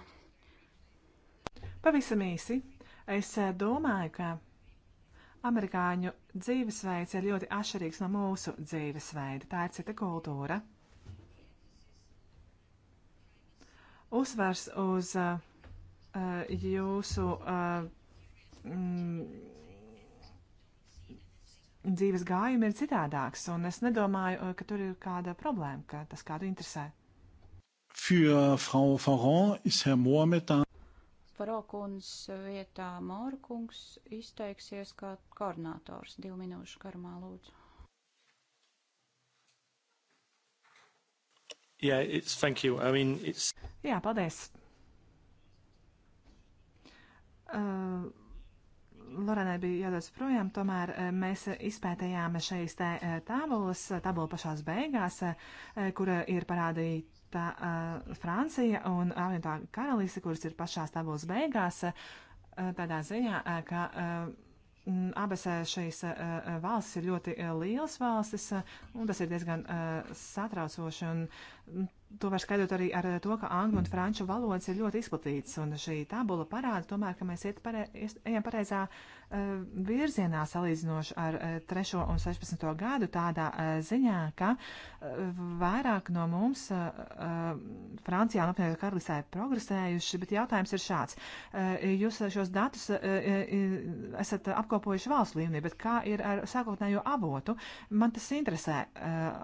Pavisam īsi. Es domāju, ka Amerikāņu dzīvesveids ir ļoti atšķirīgs no mūsu dzīvesveida. Tā ir cita kultūra. Uzsvers uz uh, uh, jūsu uh, mm, dzīves gājumi ir citādāks, un es nedomāju, uh, ka tur ir kāda problēma, ka tas kādu interesē. Für Frau Faron ist Herr Mohamed da. Parokuns vietā Mārkungs izteiksies kā koordinators divu minūšu garumā lūdzu. Yeah, it's, thank you. I mean, it's... Jā, paldies. Uh, Lorenai bija jādodas projām, tomēr eh, mēs izpētējām šeis te eh, tabulas, tabula pašās beigās, eh, kura ir parādīta Francija un Avientā karalīse, kuras ir pašās tabulas beigās, tādā ziņā, ka abas šīs valstis ir ļoti lielas valstis, un tas ir diezgan satraucoši, un to var skaidrot arī ar to, ka angļu un franču valodas ir ļoti izplatītas, un šī tabula parāda tomēr, ka mēs iet pare, ejam pareizā Eh, virzienā salīdzinoši ar 3. Eh, un 16. gadu tādā eh, ziņā, ka vairāk no mums Francijā un apvienotā karalistē ir progresējuši, bet jautājums ir šāds. Jūs šos datus esat apkopojuši valsts līmenī, bet kā ir ar sākotnējo avotu? Man tas interesē.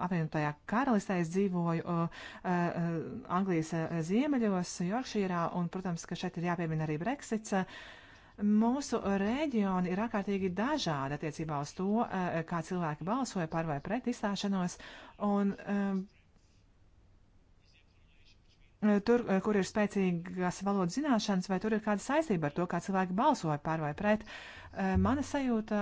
Apvienotajā karalistē es dzīvoju Anglijas ziemeļos, Jorkšīrā, un, protams, ka šeit ir jāpiemina arī Brexits. Uh, Mūsu reģioni ir ārkārtīgi dažādi attiecībā uz to, eh, kā cilvēki balsoja par vai pret izstāšanos, un eh, Eh, tur, eh, kur ir spēcīgas valodas zināšanas, vai tur ir kāda saistība ar to, kā cilvēki balsoja pār vai pret. Eh, mana sajūta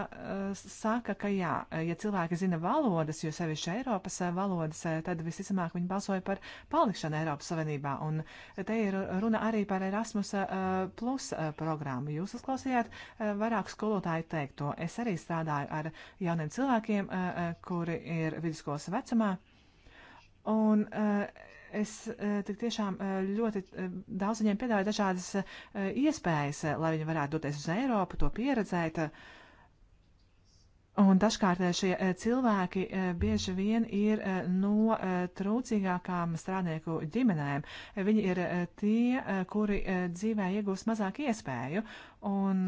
saka, ka jā, ja cilvēki zina valodas, jo sevišķi Eiropas valodas, tad visticamāk viņi balsoja par palikšanu Eiropas Savienībā. Un te ir runa arī par Erasmus Plus programmu. Jūs uzklausījāt vairāk skolotāju teikto. Es arī strādāju ar jauniem cilvēkiem, kuri ir vidusskolas vecumā. Un uh, Es eh, tik tiešām eh, ļoti eh, daudz viņiem piedāvāju dažādas iespējas, lai viņi varētu doties uz Eiropu, to pieredzēt. Un dažkārt šie cilvēki bieži vien ir no trūcīgākām strādnieku ģimenēm. Viņi ir tie, kuri dzīvē iegūst mazāk iespēju. Un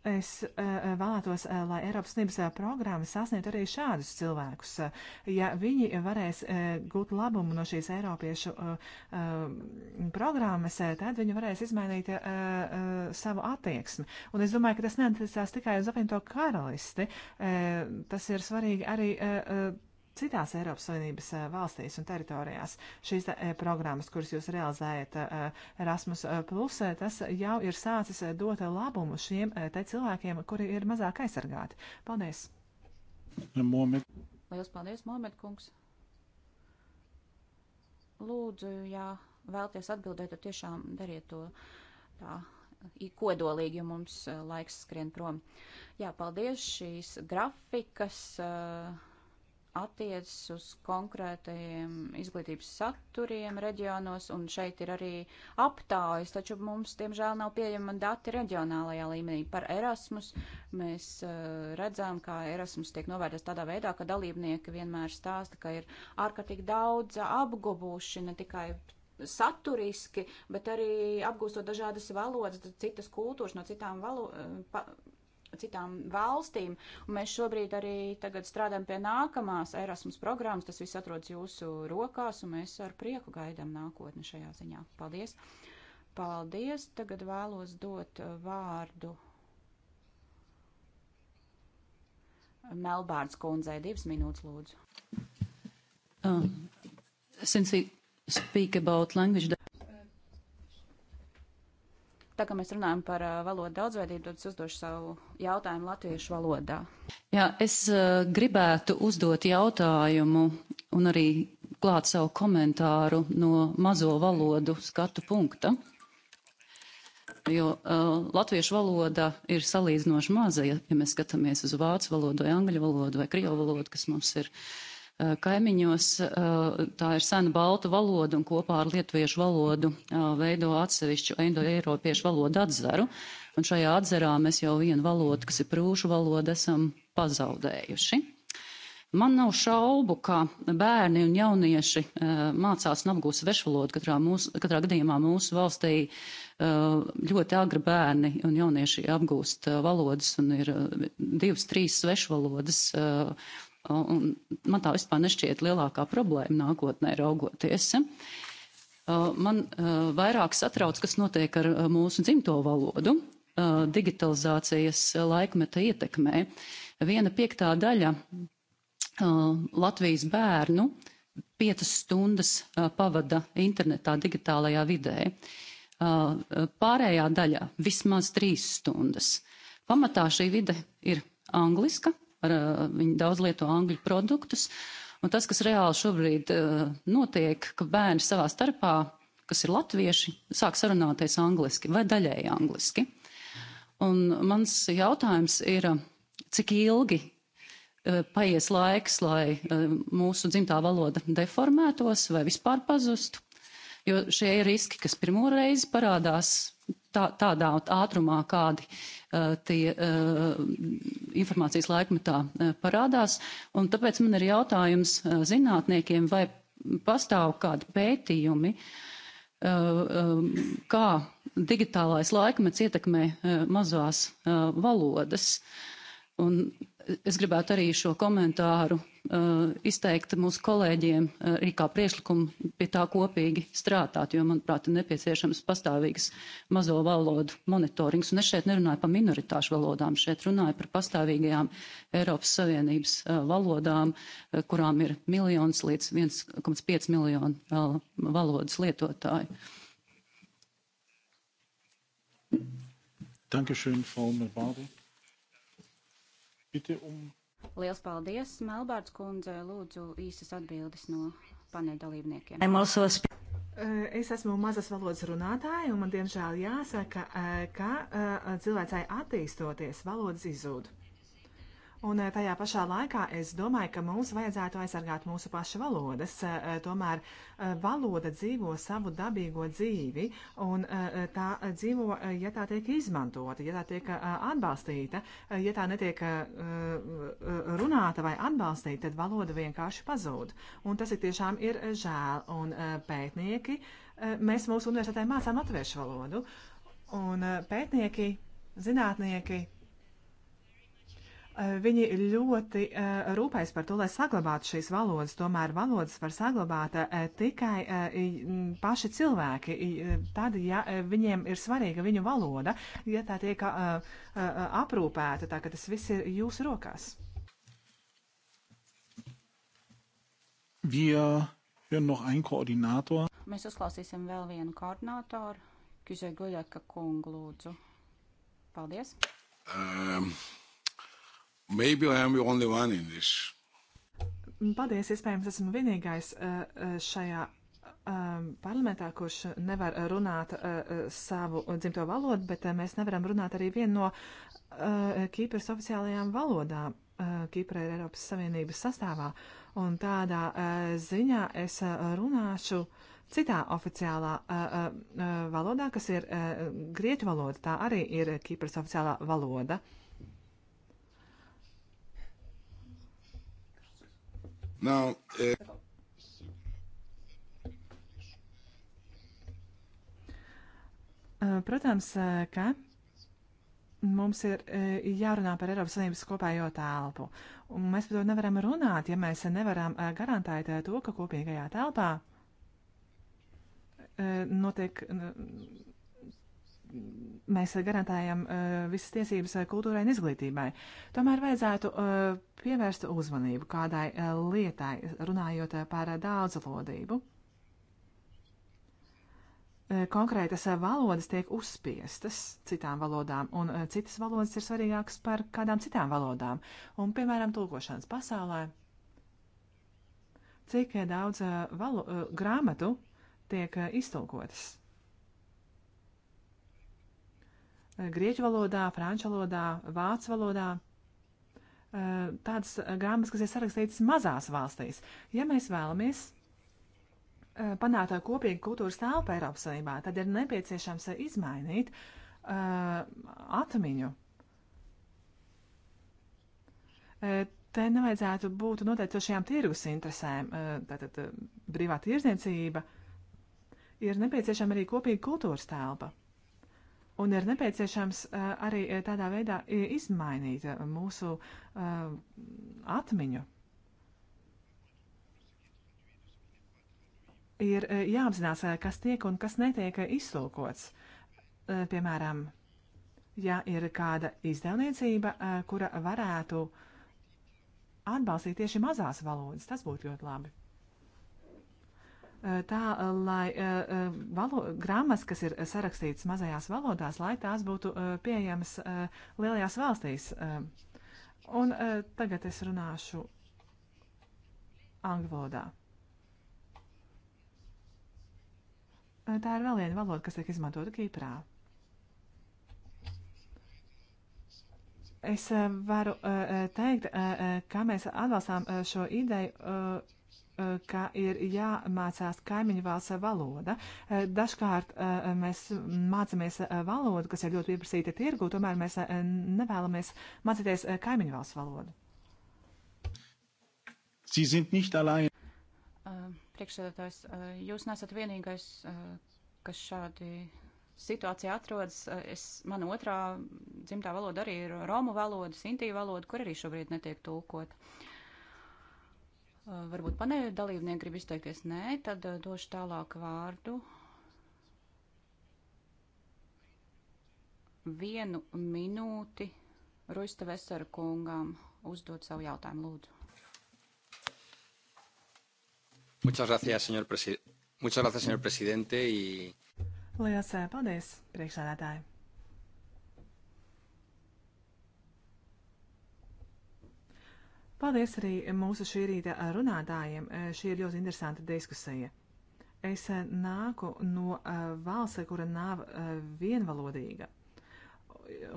Es eh, eh, vēlētos, eh, lai Eiropas Unības programma sasniegtu arī šādus cilvēkus, ja viņi varēs gūt labumu no šīs Eiropiešu programmas, tad viņi varēs izmainīt savu attieksmi. Un es domāju, ka tas neatiecās tikai uz apvienoto karalisti, tas ir svarīgi arī citās Eiropas Savienības eh, valstīs un teritorijās. Šīs tā, eh, programmas, kuras jūs realizējat eh, Erasmus, tas jau ir sācis dot labumu šiem te cilvēkiem, kuri ir mazāk aizsargāti. Paldies! Moment. Lielas paldies, Mohamed kungs! Lūdzu, jā, vēlties atbildēt, tad tiešām dariet to tā kodolīgi, jo mums laiks skrien prom. Jā, paldies šīs grafikas. Uh, attiecas uz konkrētajiem izglītības saturiem reģionos, un šeit ir arī aptājas, taču mums, diemžēl, nav pieejama dati reģionālajā līmenī par Erasmus. Mēs uh, redzam, kā Erasmus tiek novērtēts tādā veidā, ka dalībnieki vienmēr stāsta, ka ir ārkārtīgi daudz apgubuši ne tikai saturiski, bet arī apgūstot dažādas valodas, citas kultūras no citām valo, pa, citām valstīm. Un mēs šobrīd arī tagad strādājam pie nākamās Erasmus programmas. Tas viss atrodas jūsu rokās, un mēs ar prieku gaidām nākotni šajā ziņā. Paldies! Paldies! Tagad vēlos dot uh, vārdu Melbārds kundzei. Divas minūtes, lūdzu. Um, since we speak about language tā kā mēs runājam par uh, valodu daudzveidību, tad es uzdošu savu jautājumu latviešu valodā. Jā, es uh, gribētu uzdot jautājumu un arī klāt savu komentāru no mazo valodu skatu punkta. Jo uh, latviešu valoda ir salīdzinoši maza, ja, ja mēs skatāmies uz vācu valodu vai angļu valodu vai krievu valodu, kas mums ir uh, Eh, kaimiņos eh, tā ir sena baltu valoda un kopā ar lietviešu valodu eh, veido atsevišķu eiropiešu valodu atzaru. Un šajā atzarā mēs jau vienu valodu, kas ir prūšu valoda, esam pazaudējuši. Man nav šaubu, ka bērni un jaunieši mācās un apgūst svešvalodu. Katrā, mūsu, katrā gadījumā mūsu valstī ļoti agri bērni un jaunieši apgūst valodas un ir divas, trīs svešvalodas Un man tā vispār nešķiet lielākā problēma nākotnē raugoties. Man vairāk satrauc, kas notiek ar mūsu dzimto valodu digitalizācijas laikmeta ietekmē. Viena piektā daļa Latvijas bērnu piecas stundas pavada internetā, digitālajā vidē. Pārējā daļa vismaz trīs stundas. Pamatā šī vide ir angliska, ar, eh, viņi daudz lieto angļu produktus. Un tas, kas reāli šobrīd eh, notiek, ka bērni savā starpā, kas ir latvieši, sāk sarunāties angliski vai daļēji angliski. Un mans jautājums ir, eh, cik ilgi paies laiks, lai mūsu dzimtā valoda deformētos vai vispār pazustu. Jo šie riski, kas pirmo reizi parādās, tā, tādā ātrumā, kādi uh, tie uh, informācijas laikmetā uh, parādās. Un tāpēc man ir jautājums uh, zinātniekiem, vai pastāv kādi pētījumi, uh, um, kā digitālais laikmets ietekmē uh, mazās uh, valodas. Un Es gribētu arī šo komentāru uh, izteikt mūsu kolēģiem, uh, arī kā priekšlikumu pie tā kopīgi strādāt, jo, manuprāt, ir nepieciešams pastāvīgs mazo valodu monitorings. Un es šeit nerunāju par minoritāšu valodām, šeit runāju par pastāvīgajām Eiropas Savienības uh, valodām, uh, kurām ir miljons līdz 1,5 miljonu uh, valodas lietotāju. Dankeschön, Frau Melbardi. Bitte um. Liels paldies, Melbārds kundze, lūdzu īsas atbildes no paneļa dalībniekiem. Es esmu mazas valodas runātāja, un man diemžēl jāsaka, ka cilvēcei attīstoties, valodas izzūd. Un eh, tajā pašā laikā es domāju, ka mums vajadzētu aizsargāt mūsu pašu valodas. Eh, eh, tomēr valoda dzīvo savu dabīgo dzīvi, un tā dzīvo, ja tā tiek izmantota, ja tā tiek atbalstīta. Ja tā netiek runāta vai atbalstīta, tad valoda vienkārši pazūd. Un tas ir tiešām ir žēl. Un pētnieki, mēs mūsu universitātē mācām latviešu valodu. Un pētnieki, zinātnieki, Eh, viņi ļoti eh, rūpējas par to, lai saglabātu šīs valodas. Tomēr valodas var saglabāt eh, tikai paši cilvēki. Tad, ja viņiem ir svarīga viņu valoda, ja tā tiek aprūpēta, tā ka tas viss ir jūsu rokās. Wir hören noch einen Koordinator. Mēs uzklausīsim vēl vienu koordinatoru. Kizē Guļaka kungu lūdzu. Paldies. Um. Maybe I am the only one in this. Paldies, iespējams, esmu vienīgais eh, eh, šajā ehm, parlamentā, kurš nevar runāt eh, savu dzimto valodu, bet mēs nevaram runāt arī vienu no Kīpras oficiālajām valodām. Kīpra ir Eiropas Savienības sastāvā, un tādā ziņā es runāšu citā oficiālā valodā, kas ir grieķu valoda. Tā arī ir Kīpras oficiālā valoda. Now, uh... Protams, eh, ka mums ir jārunā par Eiropas Savienības kopējo telpu. Un mēs par to nevaram runāt, ja mēs nevaram garantēt to, ka kopīgajā telpā notiek mēs garantējam eh, visas tiesības eh, kultūrai un izglītībai. Tomēr vajadzētu eh, pievērst uzmanību kādai lietai, runājot par daudzvalodību. Konkrētas valodas tiek uzspiestas citām valodām, un citas valodas ir svarīgākas par kādām citām valodām. Un, piemēram, tulkošanas pasaulē, cik daudz valo, grāmatu tiek iztulkotas grieķu valodā, franču valodā, vācu valodā. Eh, tādas grāmatas, kas ir sarakstītas mazās valstīs. Ja mēs vēlamies eh, panākt kopīgu kultūras telpu Eiropas Savienībā, tad ir nepieciešams izmainīt eh, atmiņu. Te nevajadzētu būt noteicošajām tirgus interesēm. Tātad brīvā tirdzniecība ir nepieciešama arī kopīga kultūras telpa. Un ir nepieciešams eh, arī eh, tādā veidā izmainīt eh, mūsu atmiņu. Ir jāapzinās, kas tiek un kas netiek iztulkots. Piemēram, ja ir kāda izdevniecība, kura varētu atbalstīt tieši mazās valodas, tas būtu ļoti labi tā, lai e, e, valo, grāmatas, kas ir sarakstītas mazajās valodās, lai tās būtu e, pieejamas lielajās valstīs. Un tagad es runāšu angļu valodā. Tā ir vēl viena valoda, kas tiek izmantota Kīprā. Es varu teikt, ka mēs atbalstām šo ideju Eh, ka ir jāmācās kaimiņu valsts valoda. Eh, dažkārt eh, mēs mācāmies valodu, kas ir ļoti pieprasīta tirgu, tomēr mēs nevēlamies mācīties kaimiņu valsts valodu. Priekšsēdētājs, jūs nesat vienīgais, kas šādi situācija atrodas. Es, mana otrā dzimtā valoda arī ir romu valoda, sintīva valoda, kur arī šobrīd netiek tulkota. Uh, Varbūt panēļa dalībnieki grib izteikties. Nē, tad eh, došu tālāk vārdu. Vienu minūti Rusta Vesera kungām uzdot savu jautājumu, lūdzu. Muchas gracias, señor, presi Muchas gracias, señor presidente. Y... Lielas eh, paldies, priekšsēdētāji. Paldies arī mūsu šī rīta runātājiem. Eh, šī ir ļoti interesanta diskusija. Es eh, nāku no eh, valsts, kura nav vienvalodīga.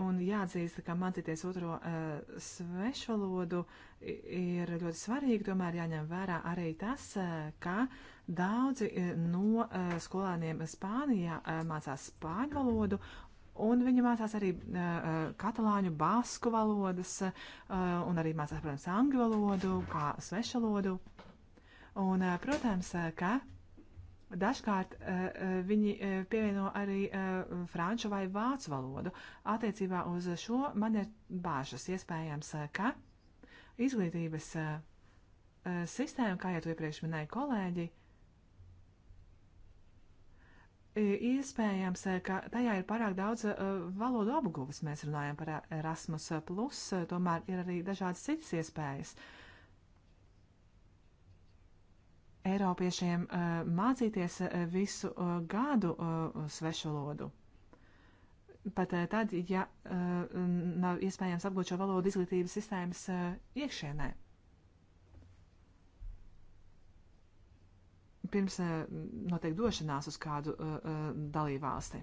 Un jāatzīst, ka mācīties otro svešvalodu ir ļoti svarīgi, tomēr jāņem vērā arī tas, ka daudzi no skolāniem Spānijā mācās spāņu valodu, Un viņa mācās arī uh, katalāņu, basku valodas, uh, un arī mācās, protams, angļu valodu, kā svešu valodu. Un, uh, protams, ka dažkārt uh, viņi pievieno arī uh, franču vai vācu valodu. Attiecībā uz šo man ir bāžas iespējams, ka izglītības uh, sistēma, kā jau to iepriekš minēja kolēģi, uh, Iespējams, eh, ka tajā ir pārāk daudz eh, valodu apguves. Mēs runājam par eh, Erasmus, plus, tomēr ir arī dažādas citas iespējas. Eiropiešiem mācīties visu gadu svešvalodu pat tad, ja nav iespējams apgūt šo valodu izglītības sistēmas iekšienē. pirms eh, notiek došanās uz kādu eh, eh, dalībvalsti.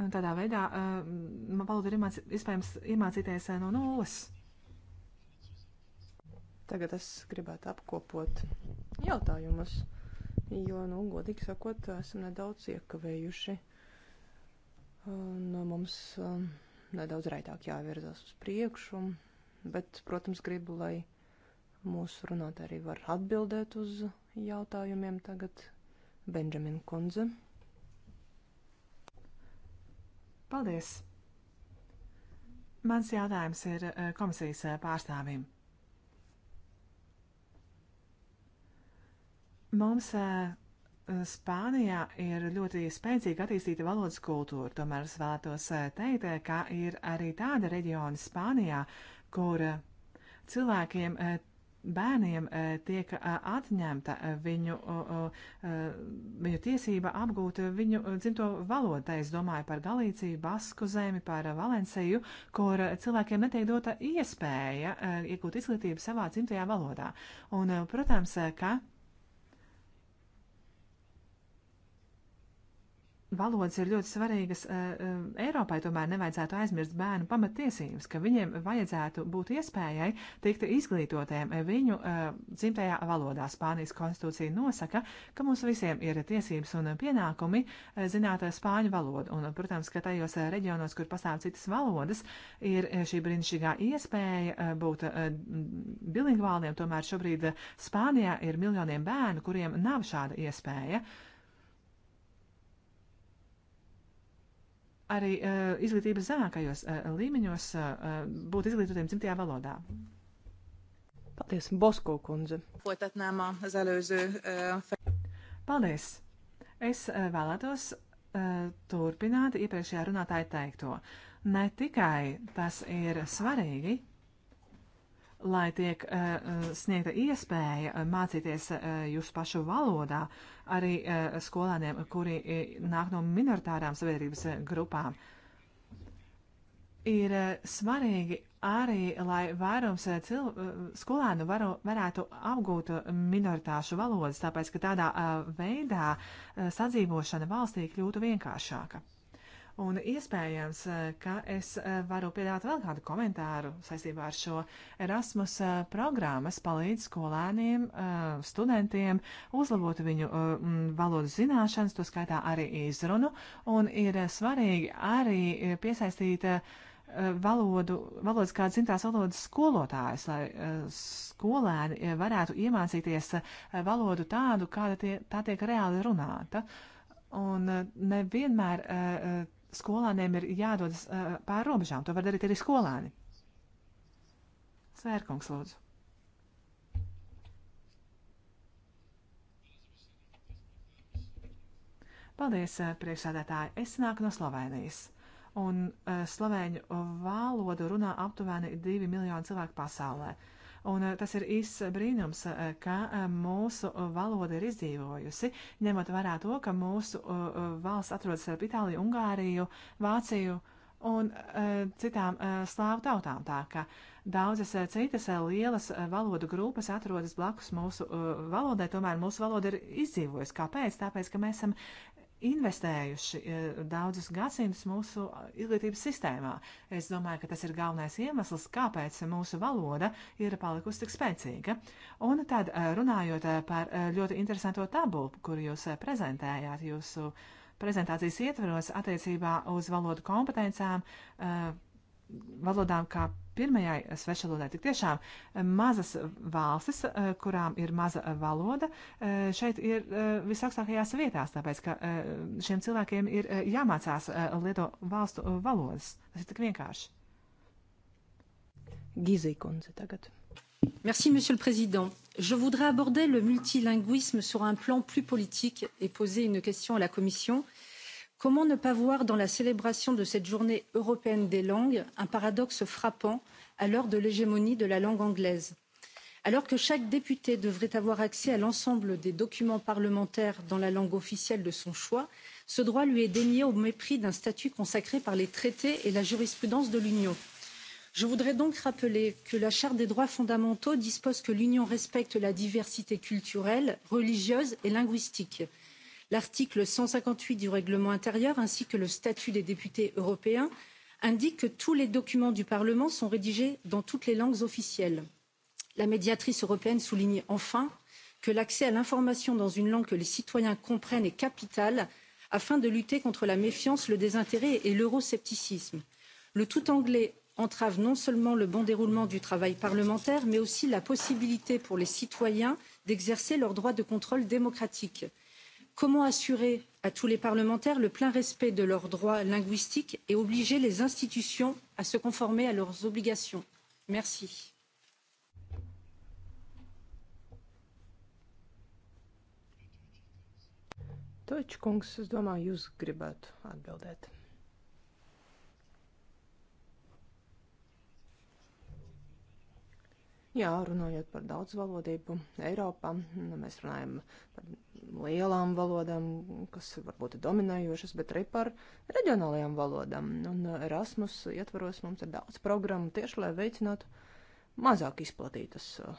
Un tādā veidā man valoda ir iemāc, iespējams iemācīties no nulles. Tagad es gribētu apkopot jautājumus, jo, nu, godīgi sakot, esam nedaudz iekavējuši. No mums nedaudz raitāk jāvirzās uz priekšu, bet, protams, gribu, lai Mūsu runāt arī var atbildēt uz jautājumiem tagad Benjamin Kunze. Paldies! Mans jautājums ir eh, komisijas eh, pārstāvim. Mums eh, Spānijā ir ļoti spēcīgi attīstīta valodas kultūra, tomēr es vēlētos teikt, ka ir arī tāda reģiona Spānijā, kur cilvēkiem bērniem e, tiek e, atņemta e, viņu, viņu tiesība apgūt viņu dzimto valodu. Es domāju par Galīciju, Basku zemi, par Valenciju, kur cilvēkiem netiek dota iespēja iegūt izglītību savā dzimtajā valodā. Un, protams, ka Valodas ir ļoti svarīgas eh, eh, Eiropai, tomēr nevajadzētu aizmirst bērnu pamatiesības, ka viņiem vajadzētu būt iespējai tikt izglītotiem eh, viņu dzimtajā valodā. Spānijas konstitūcija nosaka, ka mums visiem ir tiesības un pienākumi zināt spāņu valodu, un, protams, ka tajos reģionos, kur pastāv citas valodas, ir šī brīnišķīgā iespēja būt bilingvāliem, tomēr šobrīd Spānijā ir miljoniem bērnu, kuriem nav šāda iespēja. Yeah arī e, izglītības zemākajos e, līmeņos e, būt izglītotiem dzimtajā valodā. Paldies, Bosko kundze. Folytatnām az előző. Paldies. Es vēlētos turpināt iepriekšējā runātāja teikto. Ne tikai tas ir svarīgi, lai tiek uh, sniegta iespēja eh, mācīties uh, jūsu pašu valodā arī uh, skolēniem, kuri nāk no minoritārām sabiedrības grupām. Ir svarīgi arī, lai vairums cil... skolēnu varu, varētu apgūt minoritāšu valodas, tāpēc, ka tādā veidā sadzīvošana valstī kļūtu vienkāršāka. Un iespējams, eh, ka es eh, varu piedāvāt vēl kādu komentāru saistībā ar šo Erasmus eh, programmas palīdz skolēniem, studentiem uzlabot viņu valodu zināšanas, to skaitā arī izrunu, un ir svarīgi arī piesaistīt valodu, valodas kā dzimtās valodas skolotājs, lai skolēni varētu iemācīties valodu tādu, kāda tie, tā tiek reāli runāta. Un nevienmēr skolāniem ir jādodas uh, pāri robežām. To var darīt arī skolāni. Svērkungs, lūdzu. Paldies, eh, priekšsādātāji. Es nāku no Slovenijas. Un uh, slovēņu valodu runā aptuveni 2 miljoni cilvēku pasaulē. Uh, Un eh, tas ir īsts brīnums, eh, ka eh, mūsu valoda ir izdzīvojusi, ņemot vērā to, ka mūsu valsts atrodas starp Itāliju, Ungāriju, Vāciju un citām slāvu tautām. Tā ka daudzas citas lielas valodu grupas atrodas blakus mūsu valodai, tomēr mūsu valoda ir izdzīvojusi. Kāpēc? Tāpēc, ka mēs esam investējuši eh, daudzus gadsimtus mūsu izglītības sistēmā. Es domāju, ka tas ir galvenais iemesls, kāpēc mūsu valoda ir palikusi tik spēcīga. Un tad eh, runājot eh, par ļoti interesanto tabulu, kuru jūs prezentējāt jūsu prezentācijas ietvaros attiecībā uz valodu kompetencām, valodām kā pirmajai svešvalodai. Tik tiešām eh, mazas valstis, eh, kurām ir maza valoda, eh, šeit ir visaugstākajās vietās, tāpēc, ka šiem cilvēkiem ir jāmācās lieto valstu valodas. Tas ir tik vienkārši. Gizikundze tagad. Merci, Monsieur le Président. Je voudrais aborder le multilinguisme sur un plan plus politique et poser une question à la Commission Comment ne pas voir dans la célébration de cette journée européenne des langues un paradoxe frappant à l'heure de l'hégémonie de la langue anglaise Alors que chaque député devrait avoir accès à l'ensemble des documents parlementaires dans la langue officielle de son choix, ce droit lui est dénié au mépris d'un statut consacré par les traités et la jurisprudence de l'Union. Je voudrais donc rappeler que la Charte des droits fondamentaux dispose que l'Union respecte la diversité culturelle, religieuse et linguistique L'article 158 du règlement intérieur ainsi que le statut des députés européens indiquent que tous les documents du Parlement sont rédigés dans toutes les langues officielles. La médiatrice européenne souligne enfin que l'accès à l'information dans une langue que les citoyens comprennent est capital afin de lutter contre la méfiance, le désintérêt et l'euroscepticisme. Le tout anglais entrave non seulement le bon déroulement du travail parlementaire, mais aussi la possibilité pour les citoyens d'exercer leur droit de contrôle démocratique. Comment assurer à tous les parlementaires le plein respect de leurs droits linguistiques et obliger les institutions à se conformer à leurs obligations Merci. Točkungs, es domāju, jūs gribētu atbildēt. Jā, runājot par daudzvalodību Eiropā, nu, mēs runājam par lielām valodām, kas varbūt ir dominējošas, bet arī par reģionālajām valodām. Un uh, Erasmus ietvaros mums ir daudz programmu tieši, lai veicinātu mazāk izplatītas uh,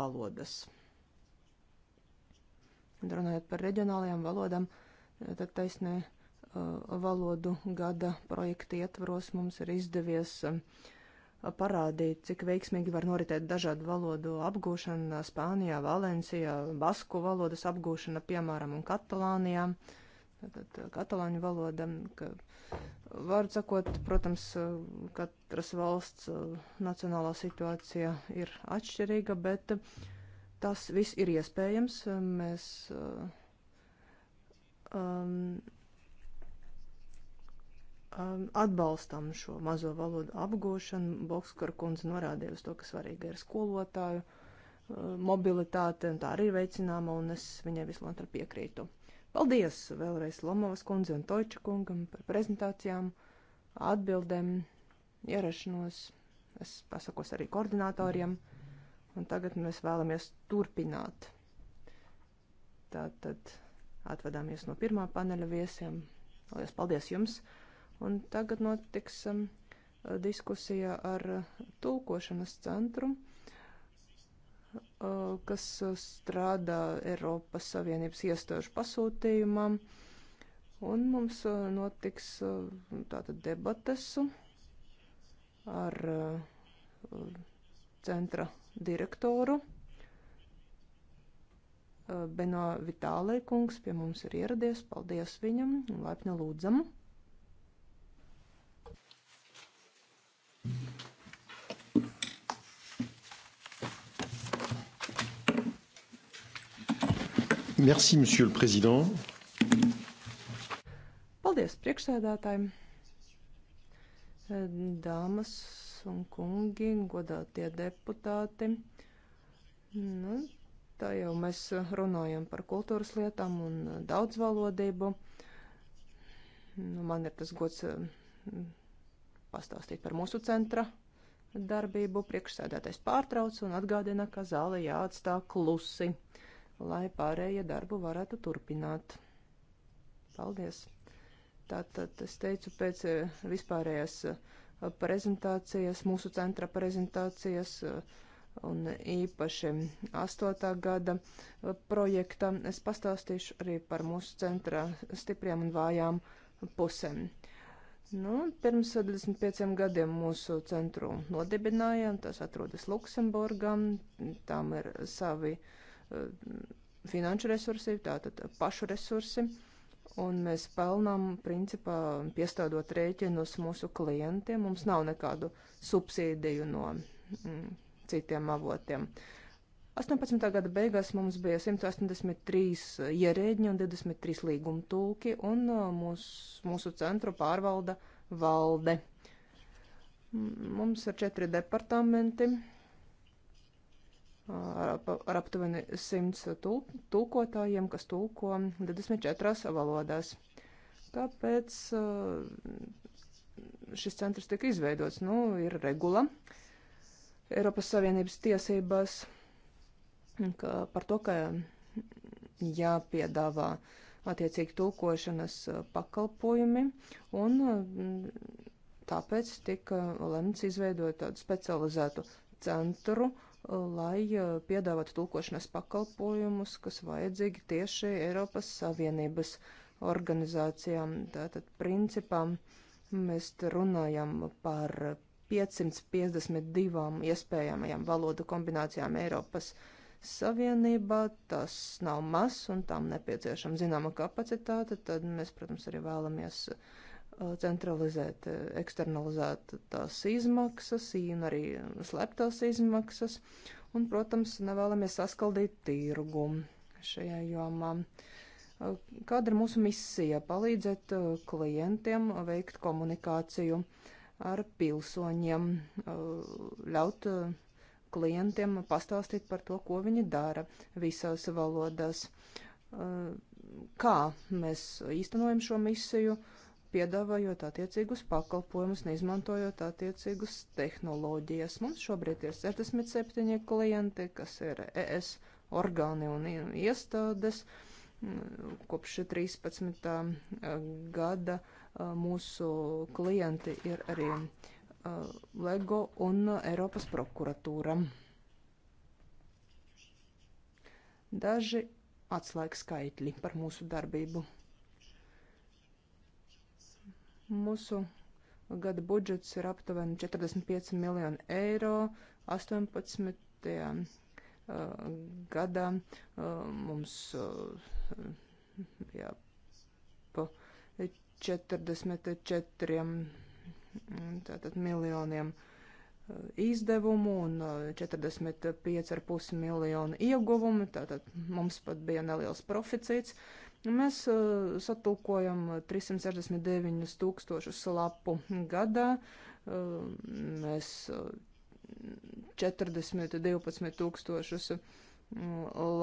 valodas. Un runājot par reģionālajām valodām, uh, tad taisnē valodu gada projekta ietvaros mums ir izdevies uh, parādīt, cik veiksmīgi var noritēt dažādu valodu apgūšana Spānijā, Valencijā, Basku valodas apgūšana, piemēram, un Katalānijā. Tātad uh, katalāņu valoda, ka, var sakot, protams, uh, katras valsts uh, nacionālā situācija ir atšķirīga, bet tas viss ir iespējams. Mēs um, Um, atbalstam šo mazo valodu apgūšanu. Bokskara kundze norādīja uz to, ka svarīga ir skolotāju uh, mobilitāte, un tā arī ir veicināma, un es viņai vislabāk piekrītu. Paldies vēlreiz Lomovas kundze un Toča kungam par prezentācijām, atbildēm, ierašanos. Es pasakos arī koordinatoriem, un tagad mēs vēlamies turpināt. Tātad atvadāmies no pirmā paneļa viesiem. Lielas paldies jums! Un tagad notiks um, diskusija ar uh, tulkošanas centru, uh, kas uh, strādā Eiropas Savienības iestāžu pasūtījumā. Un mums uh, notiks uh, tātad debates ar uh, centra direktoru. Uh, Beno Vitālai kungs pie mums ir ieradies, paldies viņam un laipni lūdzam. Merci, monsieur le président. Paldies priekšsēdētājiem. Dāmas un kungi, godātie deputāti. Nu, tā jau mēs runājam par kultūras lietām un daudzvalodību. Nu, man ir tas gods mm, pastāstīt par mūsu centra darbību. Priekšsēdētais pārtrauc un atgādina, ka zāle jāatstā klusi lai pārējie darbu varētu turpināt. Paldies! Tātad es teicu pēc eh, vispārējās eh, prezentācijas, mūsu centra prezentācijas eh, un īpaši 8. gada projekta, es pastāstīšu arī par mūsu centra stipriem un vājām pusēm. Nu, pirms 25 gadiem mūsu centru nodibinājām, tas atrodas Luksemburgam, tam ir savi uh, Eh, finanšu resursi, tātad pašu resursi, un mēs pelnām, principā, piestādot rēķinus mūsu klientiem. Mums nav nekādu subsīdiju no mm, citiem avotiem. 18. gada beigās mums bija 183 ierēģi un 23 līguma tulki, un eh, mūs, mūsu centru pārvalda valde. Mums ir četri departamenti ar aptuveni 100 tulkotājiem, kas tulko 24 valodās. Kāpēc eh, šis centrs tika izveidots? Nu, ir regula Eiropas Savienības tiesībās ka par to, ka jāpiedāvā attiecīgi tulkošanas eh, pakalpojumi, un mm, tāpēc tika lemts izveidot tādu specializētu centru, uh, lai eh, piedāvātu tulkošanas pakalpojumus, kas vajadzīgi tieši Eiropas Savienības organizācijām. Tātad, principā, mēs runājam par 552 iespējamajām valodu kombinācijām Eiropas Savienībā. Tas nav maz un tam nepieciešama zināma kapacitāte. Tad mēs, protams, arī vēlamies uh, Uh, centralizēt, uh, eksternalizēt tās izmaksas, un arī slēptās izmaksas, un, protams, nevēlamies saskaldīt tirgu šajā jomā. Uh, kāda ir mūsu misija? Palīdzēt klientiem veikt komunikāciju ar pilsoņiem, ļaut klientiem pastāstīt par to, ko viņi dara visās valodās. Kā mēs īstenojam šo misiju? piedāvājot attiecīgus pakalpojumus, neizmantojot attiecīgus tehnoloģijas. Mums šobrīd ir 67 klienti, kas ir ES orgāni un iestādes. Mm, kopš 13. Eh, gada eh, mūsu klienti ir arī eh, LEGO un Eiropas prokuratūra. Daži atslēgskaitļi par mūsu darbību. Mūsu gada budžets ir aptuveni 45 miljoni eiro. 18. gadā mums bija pa 44 tātad, miljoniem izdevumu un 45,5 miljonu ieguvumu. Tātad mums pat bija neliels proficīts. Uh, Mēs uh, satulkojam 369 tūkstošus lapu gadā, uh, mēs 40, uh, 12 tūkstošus mm,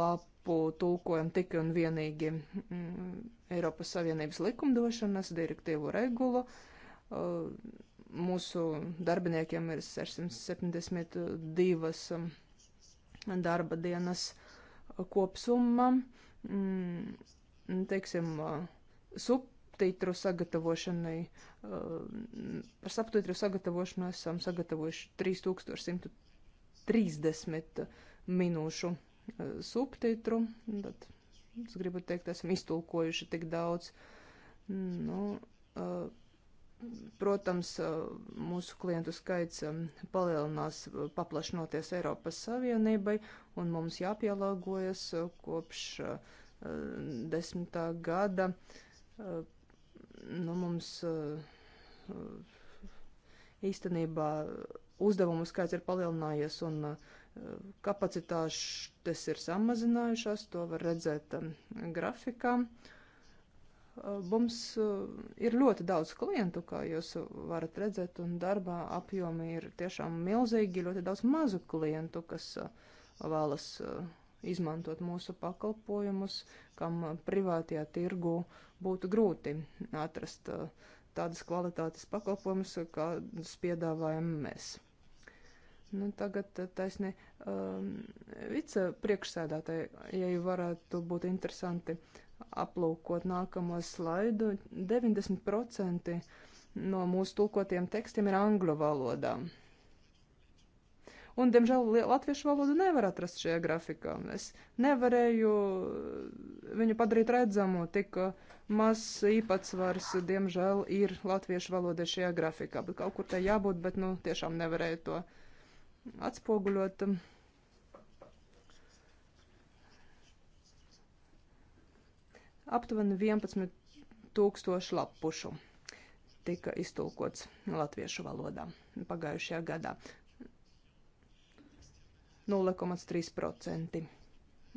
lapu tulkojam tikai un vienīgi mm, Eiropas Savienības likumdošanas direktīvu regulu. Mūsu darbiniekiem ir 672 mm, darba dienas kopsumma. Mm, teiksim, subtitru sagatavošanai, par subtitru sagatavošanu esam sagatavojuši 3130 minūšu subtitru, tad es gribu teikt, esam iztulkojuši tik daudz. Nu, Protams, mūsu klientu skaits palielinās paplašinoties Eiropas Savienībai, un mums jāpielāgojas kopš uh, desmitā gada. Eh, nu, mums eh, īstenībā uzdevumu skaits ir palielinājies un eh, kapacitātes ir samazinājušās, to var redzēt grafikā. Mums ir ļoti daudz klientu, kā jūs varat redzēt, un darbā apjomi ir tiešām milzīgi, ļoti daudz mazu klientu, kas vēlas uh, izmantot mūsu pakalpojumus, kam privātajā tirgu būtu grūti atrast uh, tādas kvalitātes pakalpojumus, kādas piedāvājam mēs. Nu, tagad uh, taisni um, vicepriekšsēdētāji, ja varētu būt interesanti aplūkot nākamo slaidu, 90% no mūsu tulkotiem tekstiem ir angļu valodā. Un, diemžēl, latviešu valodu nevar atrast šajā grafikā. Es nevarēju eh, viņu padarīt redzamu, tik eh, mazs īpatsvars, diemžēl, ir latviešu valoda šajā grafikā. Bet kaut kur tai jābūt, bet, nu, tiešām nevarēju to atspoguļot. Aptuveni 11 tūkstošu lapušu tika iztulkots latviešu valodā pagājušajā gadā. 0,3%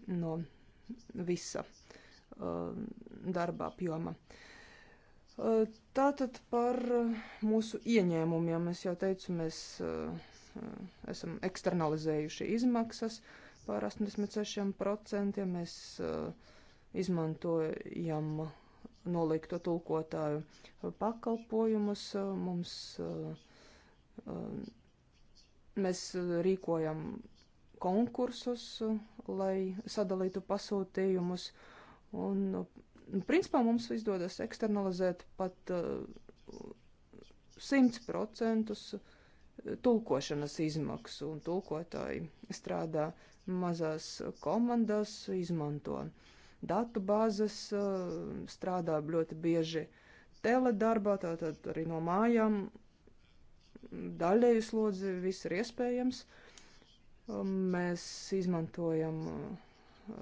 no visa uh, darba apjoma. Uh, tātad par uh, mūsu ieņēmumiem es jau teicu, mēs uh, uh, esam eksternalizējuši izmaksas par 86%, mēs uh, izmantojam nolikto tulkotāju pakalpojumus, mums mēs rīkojam konkursus, lai sadalītu pasūtījumus. Un, nu, principā mums izdodas eksternalizēt pat simts uh, procentus uh, tulkošanas izmaksu, un tulkotāji strādā mazās komandās, izmanto datu bāzes, uh, strādā ļoti bieži teledarbā, tātad arī no mājām. Daļēju slodzi viss ir iespējams. Uh, Mēs izmantojam uh,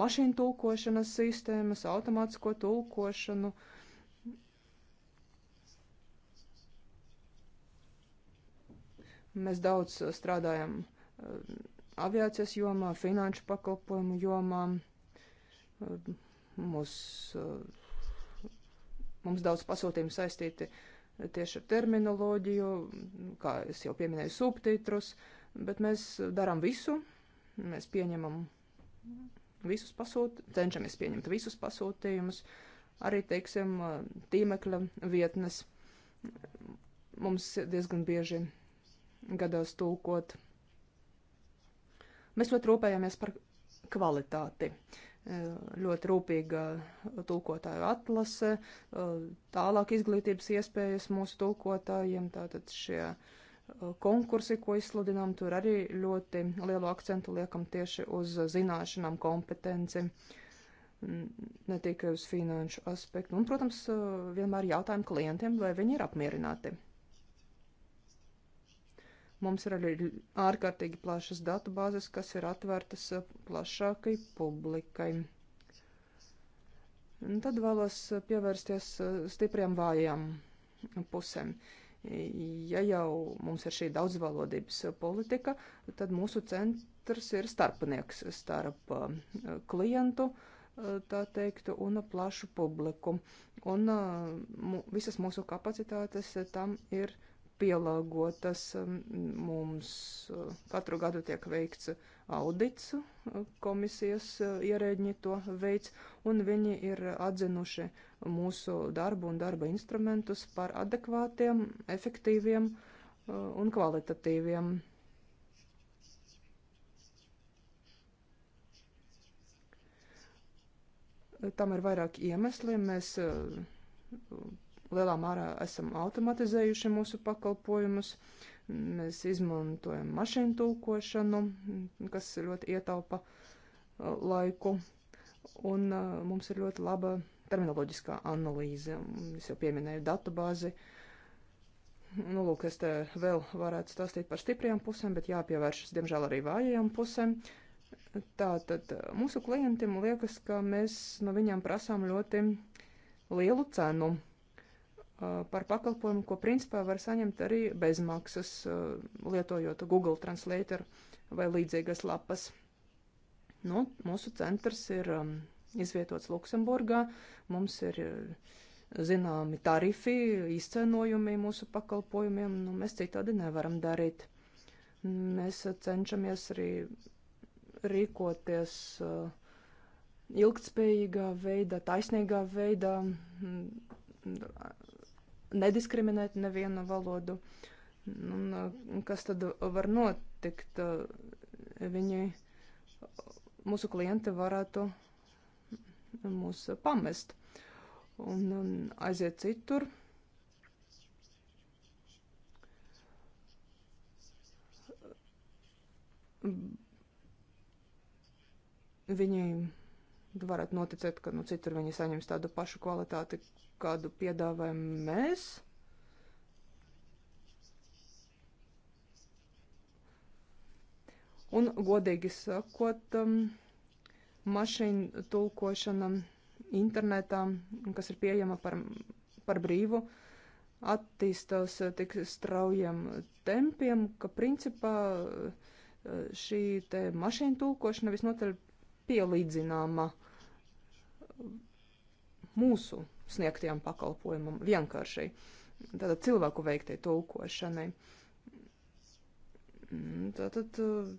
mašīnu tulkošanas sistēmas, automātisko tulkošanu. Mēs daudz strādājam uh, aviācijas jomā, finanšu pakalpojumu jomā. Uh, mums, mums daudz pasūtījumu saistīti tieši ar terminoloģiju, kā es jau pieminēju, subtitrus. Uh, Bet mēs darām visu, mēs pieņemam visus pasūtījumus, cenšamies pieņemt visus pasūtījumus, arī, teiksim, tīmekļa vietnes. Mums diezgan bieži gadās tūkot. Mēs ļoti rūpējamies par kvalitāti. Ļoti rūpīga tulkotāju atlase, tālāk izglītības iespējas mūsu tulkotājiem, tātad šie uh, konkursi, ko izsludinām, tur arī ļoti lielu akcentu liekam tieši uz zināšanām, kompetenci, ne tikai uz finanšu aspektu. Un, protams, vienmēr jautājam klientiem, vai viņi ir apmierināti. Mums ir arī ārkārtīgi plašas datubāzes, kas ir atvērtas plašākai publikai. Un tad vēlos pievērsties stipriem vājām pusēm. Uh, Ja jau mums ir šī daudzvalodības politika, tad mūsu centrs ir starpnieks starp eh, klientu, eh, tā teikt, un plašu publiku. Un eh, visas mūsu kapacitātes tam ir pielāgotas. Mums katru gadu tiek veikts audits, komisijas ierēģi to veids, un viņi ir atzinuši mūsu darbu un darba instrumentus par adekvātiem, efektīviem uh, un kvalitatīviem. Tam ir vairāk iemesli. Mēs uh, lielā mērā esam automatizējuši mūsu pakalpojumus. Mēs izmantojam mašīnu tulkošanu, kas ļoti ietaupa uh, laiku. Un mums ir ļoti laba terminoloģiskā analīze. Es jau pieminēju datubāzi. Nu, lūk, es te vēl varētu stāstīt par stiprajām pusēm, bet jāpievēršas, diemžēl, arī vājajām pusēm. Tātad eh, mūsu klientiem liekas, ka mēs no viņiem prasām ļoti lielu cenu eh, par pakalpojumu, ko principā var saņemt arī bezmaksas, eh, lietojot Google Translator vai līdzīgas lapas. Nu, mūsu centrs ir um, izvietots Luksemburgā. Mums ir eh, zināmi tarifi, izcenojumi mūsu pakalpojumiem, nu, mēs citādi nevaram darīt. Mēs eh, cenšamies arī rīkoties eh, ilgtspējīgā veidā, taisnīgā veidā, mm, nediskriminēt nevienu valodu. Nu, un kas tad var notikt? Viņi, mūsu klienti varētu mūs pamest un, un aiziet citur. Viņi varētu noticēt, ka nu, citur viņi saņems tādu pašu kvalitāti, kādu piedāvājam mēs. Un, godīgi sakot, um, mašīnu tulkošana internetā, kas ir pieejama par, par brīvu, attīstās eh, tik straujiem tempiem, ka principā eh, šī te mašīnu tulkošana visnotaļ pielīdzināma mūsu sniegtajam pakalpojumam vienkāršai, tātad cilvēku veiktai tulkošanai. Mm, tātad eh,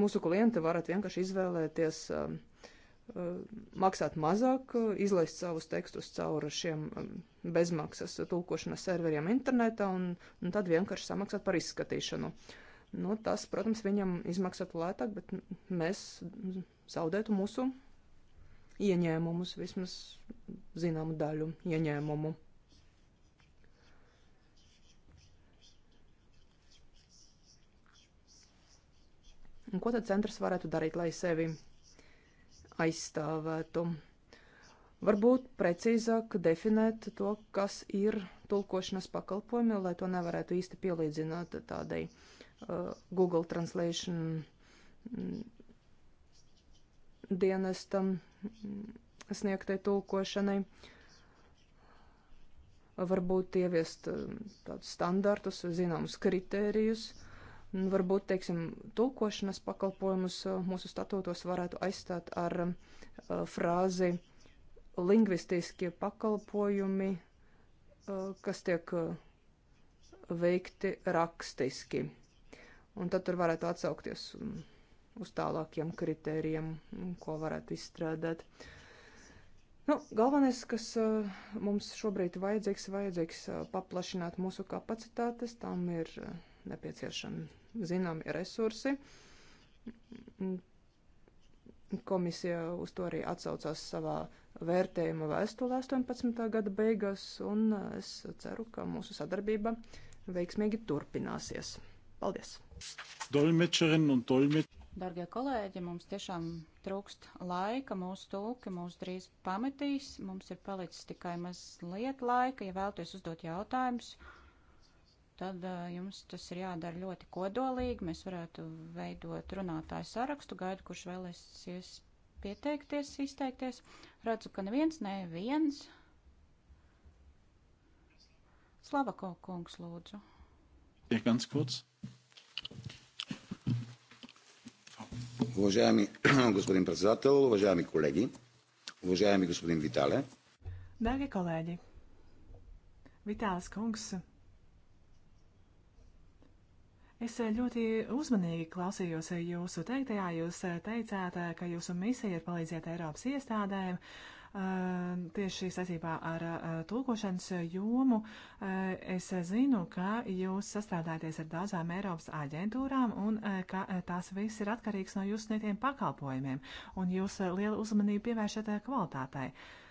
Mūsu klienti varat vienkārši izvēlēties um, uh, maksāt mazāk, uh, izlaist savus tekstus cauri šiem um, bezmaksas tulkošanas serveriem internetā un, un tad vienkārši samaksāt par izskatīšanu. Nu, tas, protams, viņam izmaksātu lētāk, bet mēs zaudētu mūsu ieņēmumus, vismaz zināmu daļu ieņēmumu. Un ko tad centrs varētu darīt, lai sevi aizstāvētu? Varbūt precīzāk definēt to, kas ir tulkošanas pakalpojumi, lai to nevarētu īsti pielīdzināt tādai uh, Google Translation mm, dienestam mm, sniegtai tulkošanai. Varbūt ieviest uh, tādus standartus, zināmus kritērijus, uh, Nu, varbūt, teiksim, tulkošanas pakalpojumus uh, mūsu statūtos varētu aizstāt ar uh, frāzi lingvistiskie pakalpojumi, uh, kas tiek uh, veikti rakstiski. Un tad tur varētu atsaukties um, uz tālākiem kritērijiem, um, ko varētu izstrādāt. Nu, galvenais, kas uh, mums šobrīd vajadzīgs, vajadzīgs uh, paplašināt mūsu kapacitātes, tam ir nepieciešami zināmi resursi. Komisija uz to arī atsaucās savā vērtējuma vēstulē 18. gada beigās, un es ceru, ka mūsu sadarbība veiksmīgi turpināsies. Paldies! Dolmetšerin un dolmetšerin. Dargie kolēģi, mums tiešām trūkst laika, mūsu tūki mūs drīz pametīs, mums ir palicis tikai mazliet laika, ja vēlties uzdot jautājumus tad uh, jums tas ir jādara ļoti kodolīgi. Mēs varētu veidot runātāju sarakstu, gaidu, kurš vēlēsies pieteikties, izteikties. Redzu, ka neviens, neviens. Slavako kungs, lūdzu. Tiek ganz kurz. Уважаеми господин председател, уважаеми колеги, уважаеми господин Витале. Драги колеги, Виталс Кунгс, Es eh, ļoti uzmanīgi klausījos eh, jūsu teiktajā. Jūs eh, teicāt, ka jūsu misija ir palīdzēt Eiropas iestādēm tieši saistībā ar tulkošanas jomu. Es zinu, ka jūs sastrādājaties ar daudzām Eiropas aģentūrām un ka tās viss ir atkarīgs no jūsu sniegtiem pakalpojumiem un jūs lielu uzmanību pievēršat kvalitātei. Uh,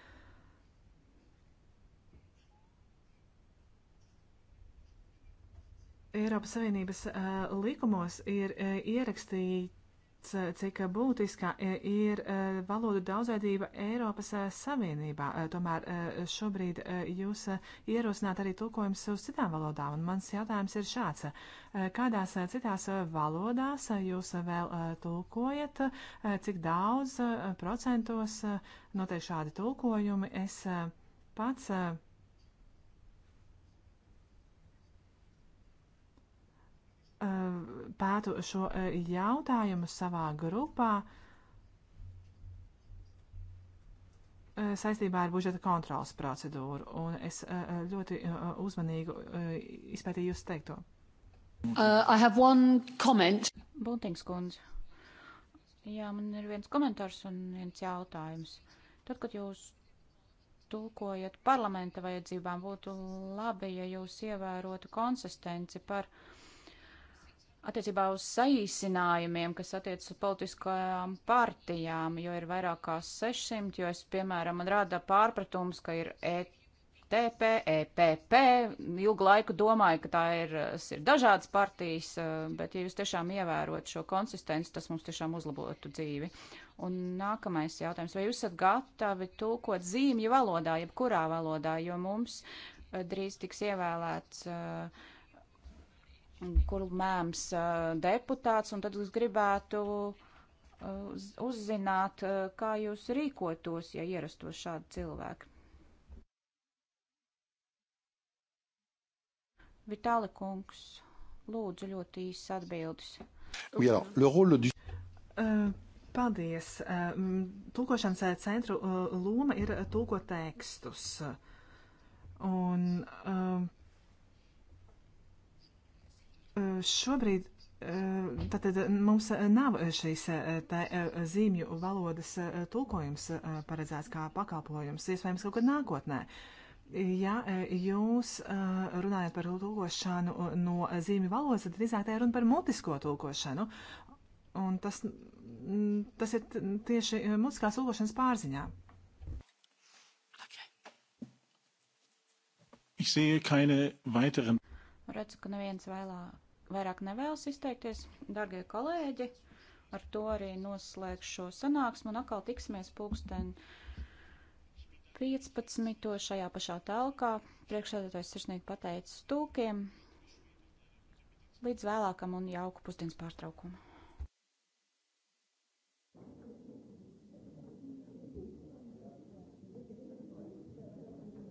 Eiropas Savienības eh, likumos ir eh, ierakstīts, eh, cik būtiskā ir valodu daudzveidība Eiropas Savienībā. Tomēr šobrīd jūs ierosināt arī tulkojums uz citām valodām, un mans jautājums ir šāds. Kādās citās valodās jūs vēl tulkojat, cik daudz procentos notiek šādi tulkojumi? Es pats Eh, pētu šo eh, jautājumu savā grupā eh, saistībā ar budžeta kontrolas procedūru, un es ļoti uzmanīgi izpētīju jūs teikto. Uh, Būtings kundze. Jā, man ir viens komentārs un viens jautājums. Tad, kad jūs tulkojat parlamenta vajadzībām, būtu labi, ja jūs ievērotu konsistenci par uh, attiecībā uz saīsinājumiem, kas attiecas uz politiskajām partijām, jo ir vairāk kā 600, jo es, piemēram, man rāda pārpratums, ka ir ETP, EPP, ilgu laiku domāju, ka tā ir, ir dažādas partijas, eh, bet ja jūs tiešām ievērot šo konsistenci, tas mums tiešām uzlabotu dzīvi. Un nākamais jautājums, vai jūs esat gatavi tulkot zīmju valodā, jebkurā valodā, jo mums eh, drīz tiks ievēlēts uh, kuru mēms deputāts, un tad es gribētu uzzināt, kā jūs rīkotos, ja ierastos šādi cilvēki. Vitāli kungs, lūdzu ļoti īsas atbildes. Oui, alors, le rôle du... Uh, paldies. Uh, tulkošanas centru uh, loma ir tulko tekstus. Un uh, Šobrīd tātad, mums nav šīs tā, zīmju valodas tulkojums paredzēts kā pakalpojums, iespējams, kaut kad nākotnē. Ja jūs runājat par tulkošanu no zīmju valodas, tad drīzāk tā ir runa par mutisko tulkošanu. Un tas, tas ir tieši mutiskās tulkošanas pārziņā. Okay. Ich sehe keine weiteren Redzu, ka neviens vēlā, vairāk nevēlas izteikties. Dargie kolēģi, ar to arī noslēgšu šo sanāksmu un atkal tiksimies pulksten 15. šajā pašā telkā. Priekšsēdētājs sirsnīgi pateicis tūkiem. Līdz vēlākam un jauku pusdienas pārtraukumu.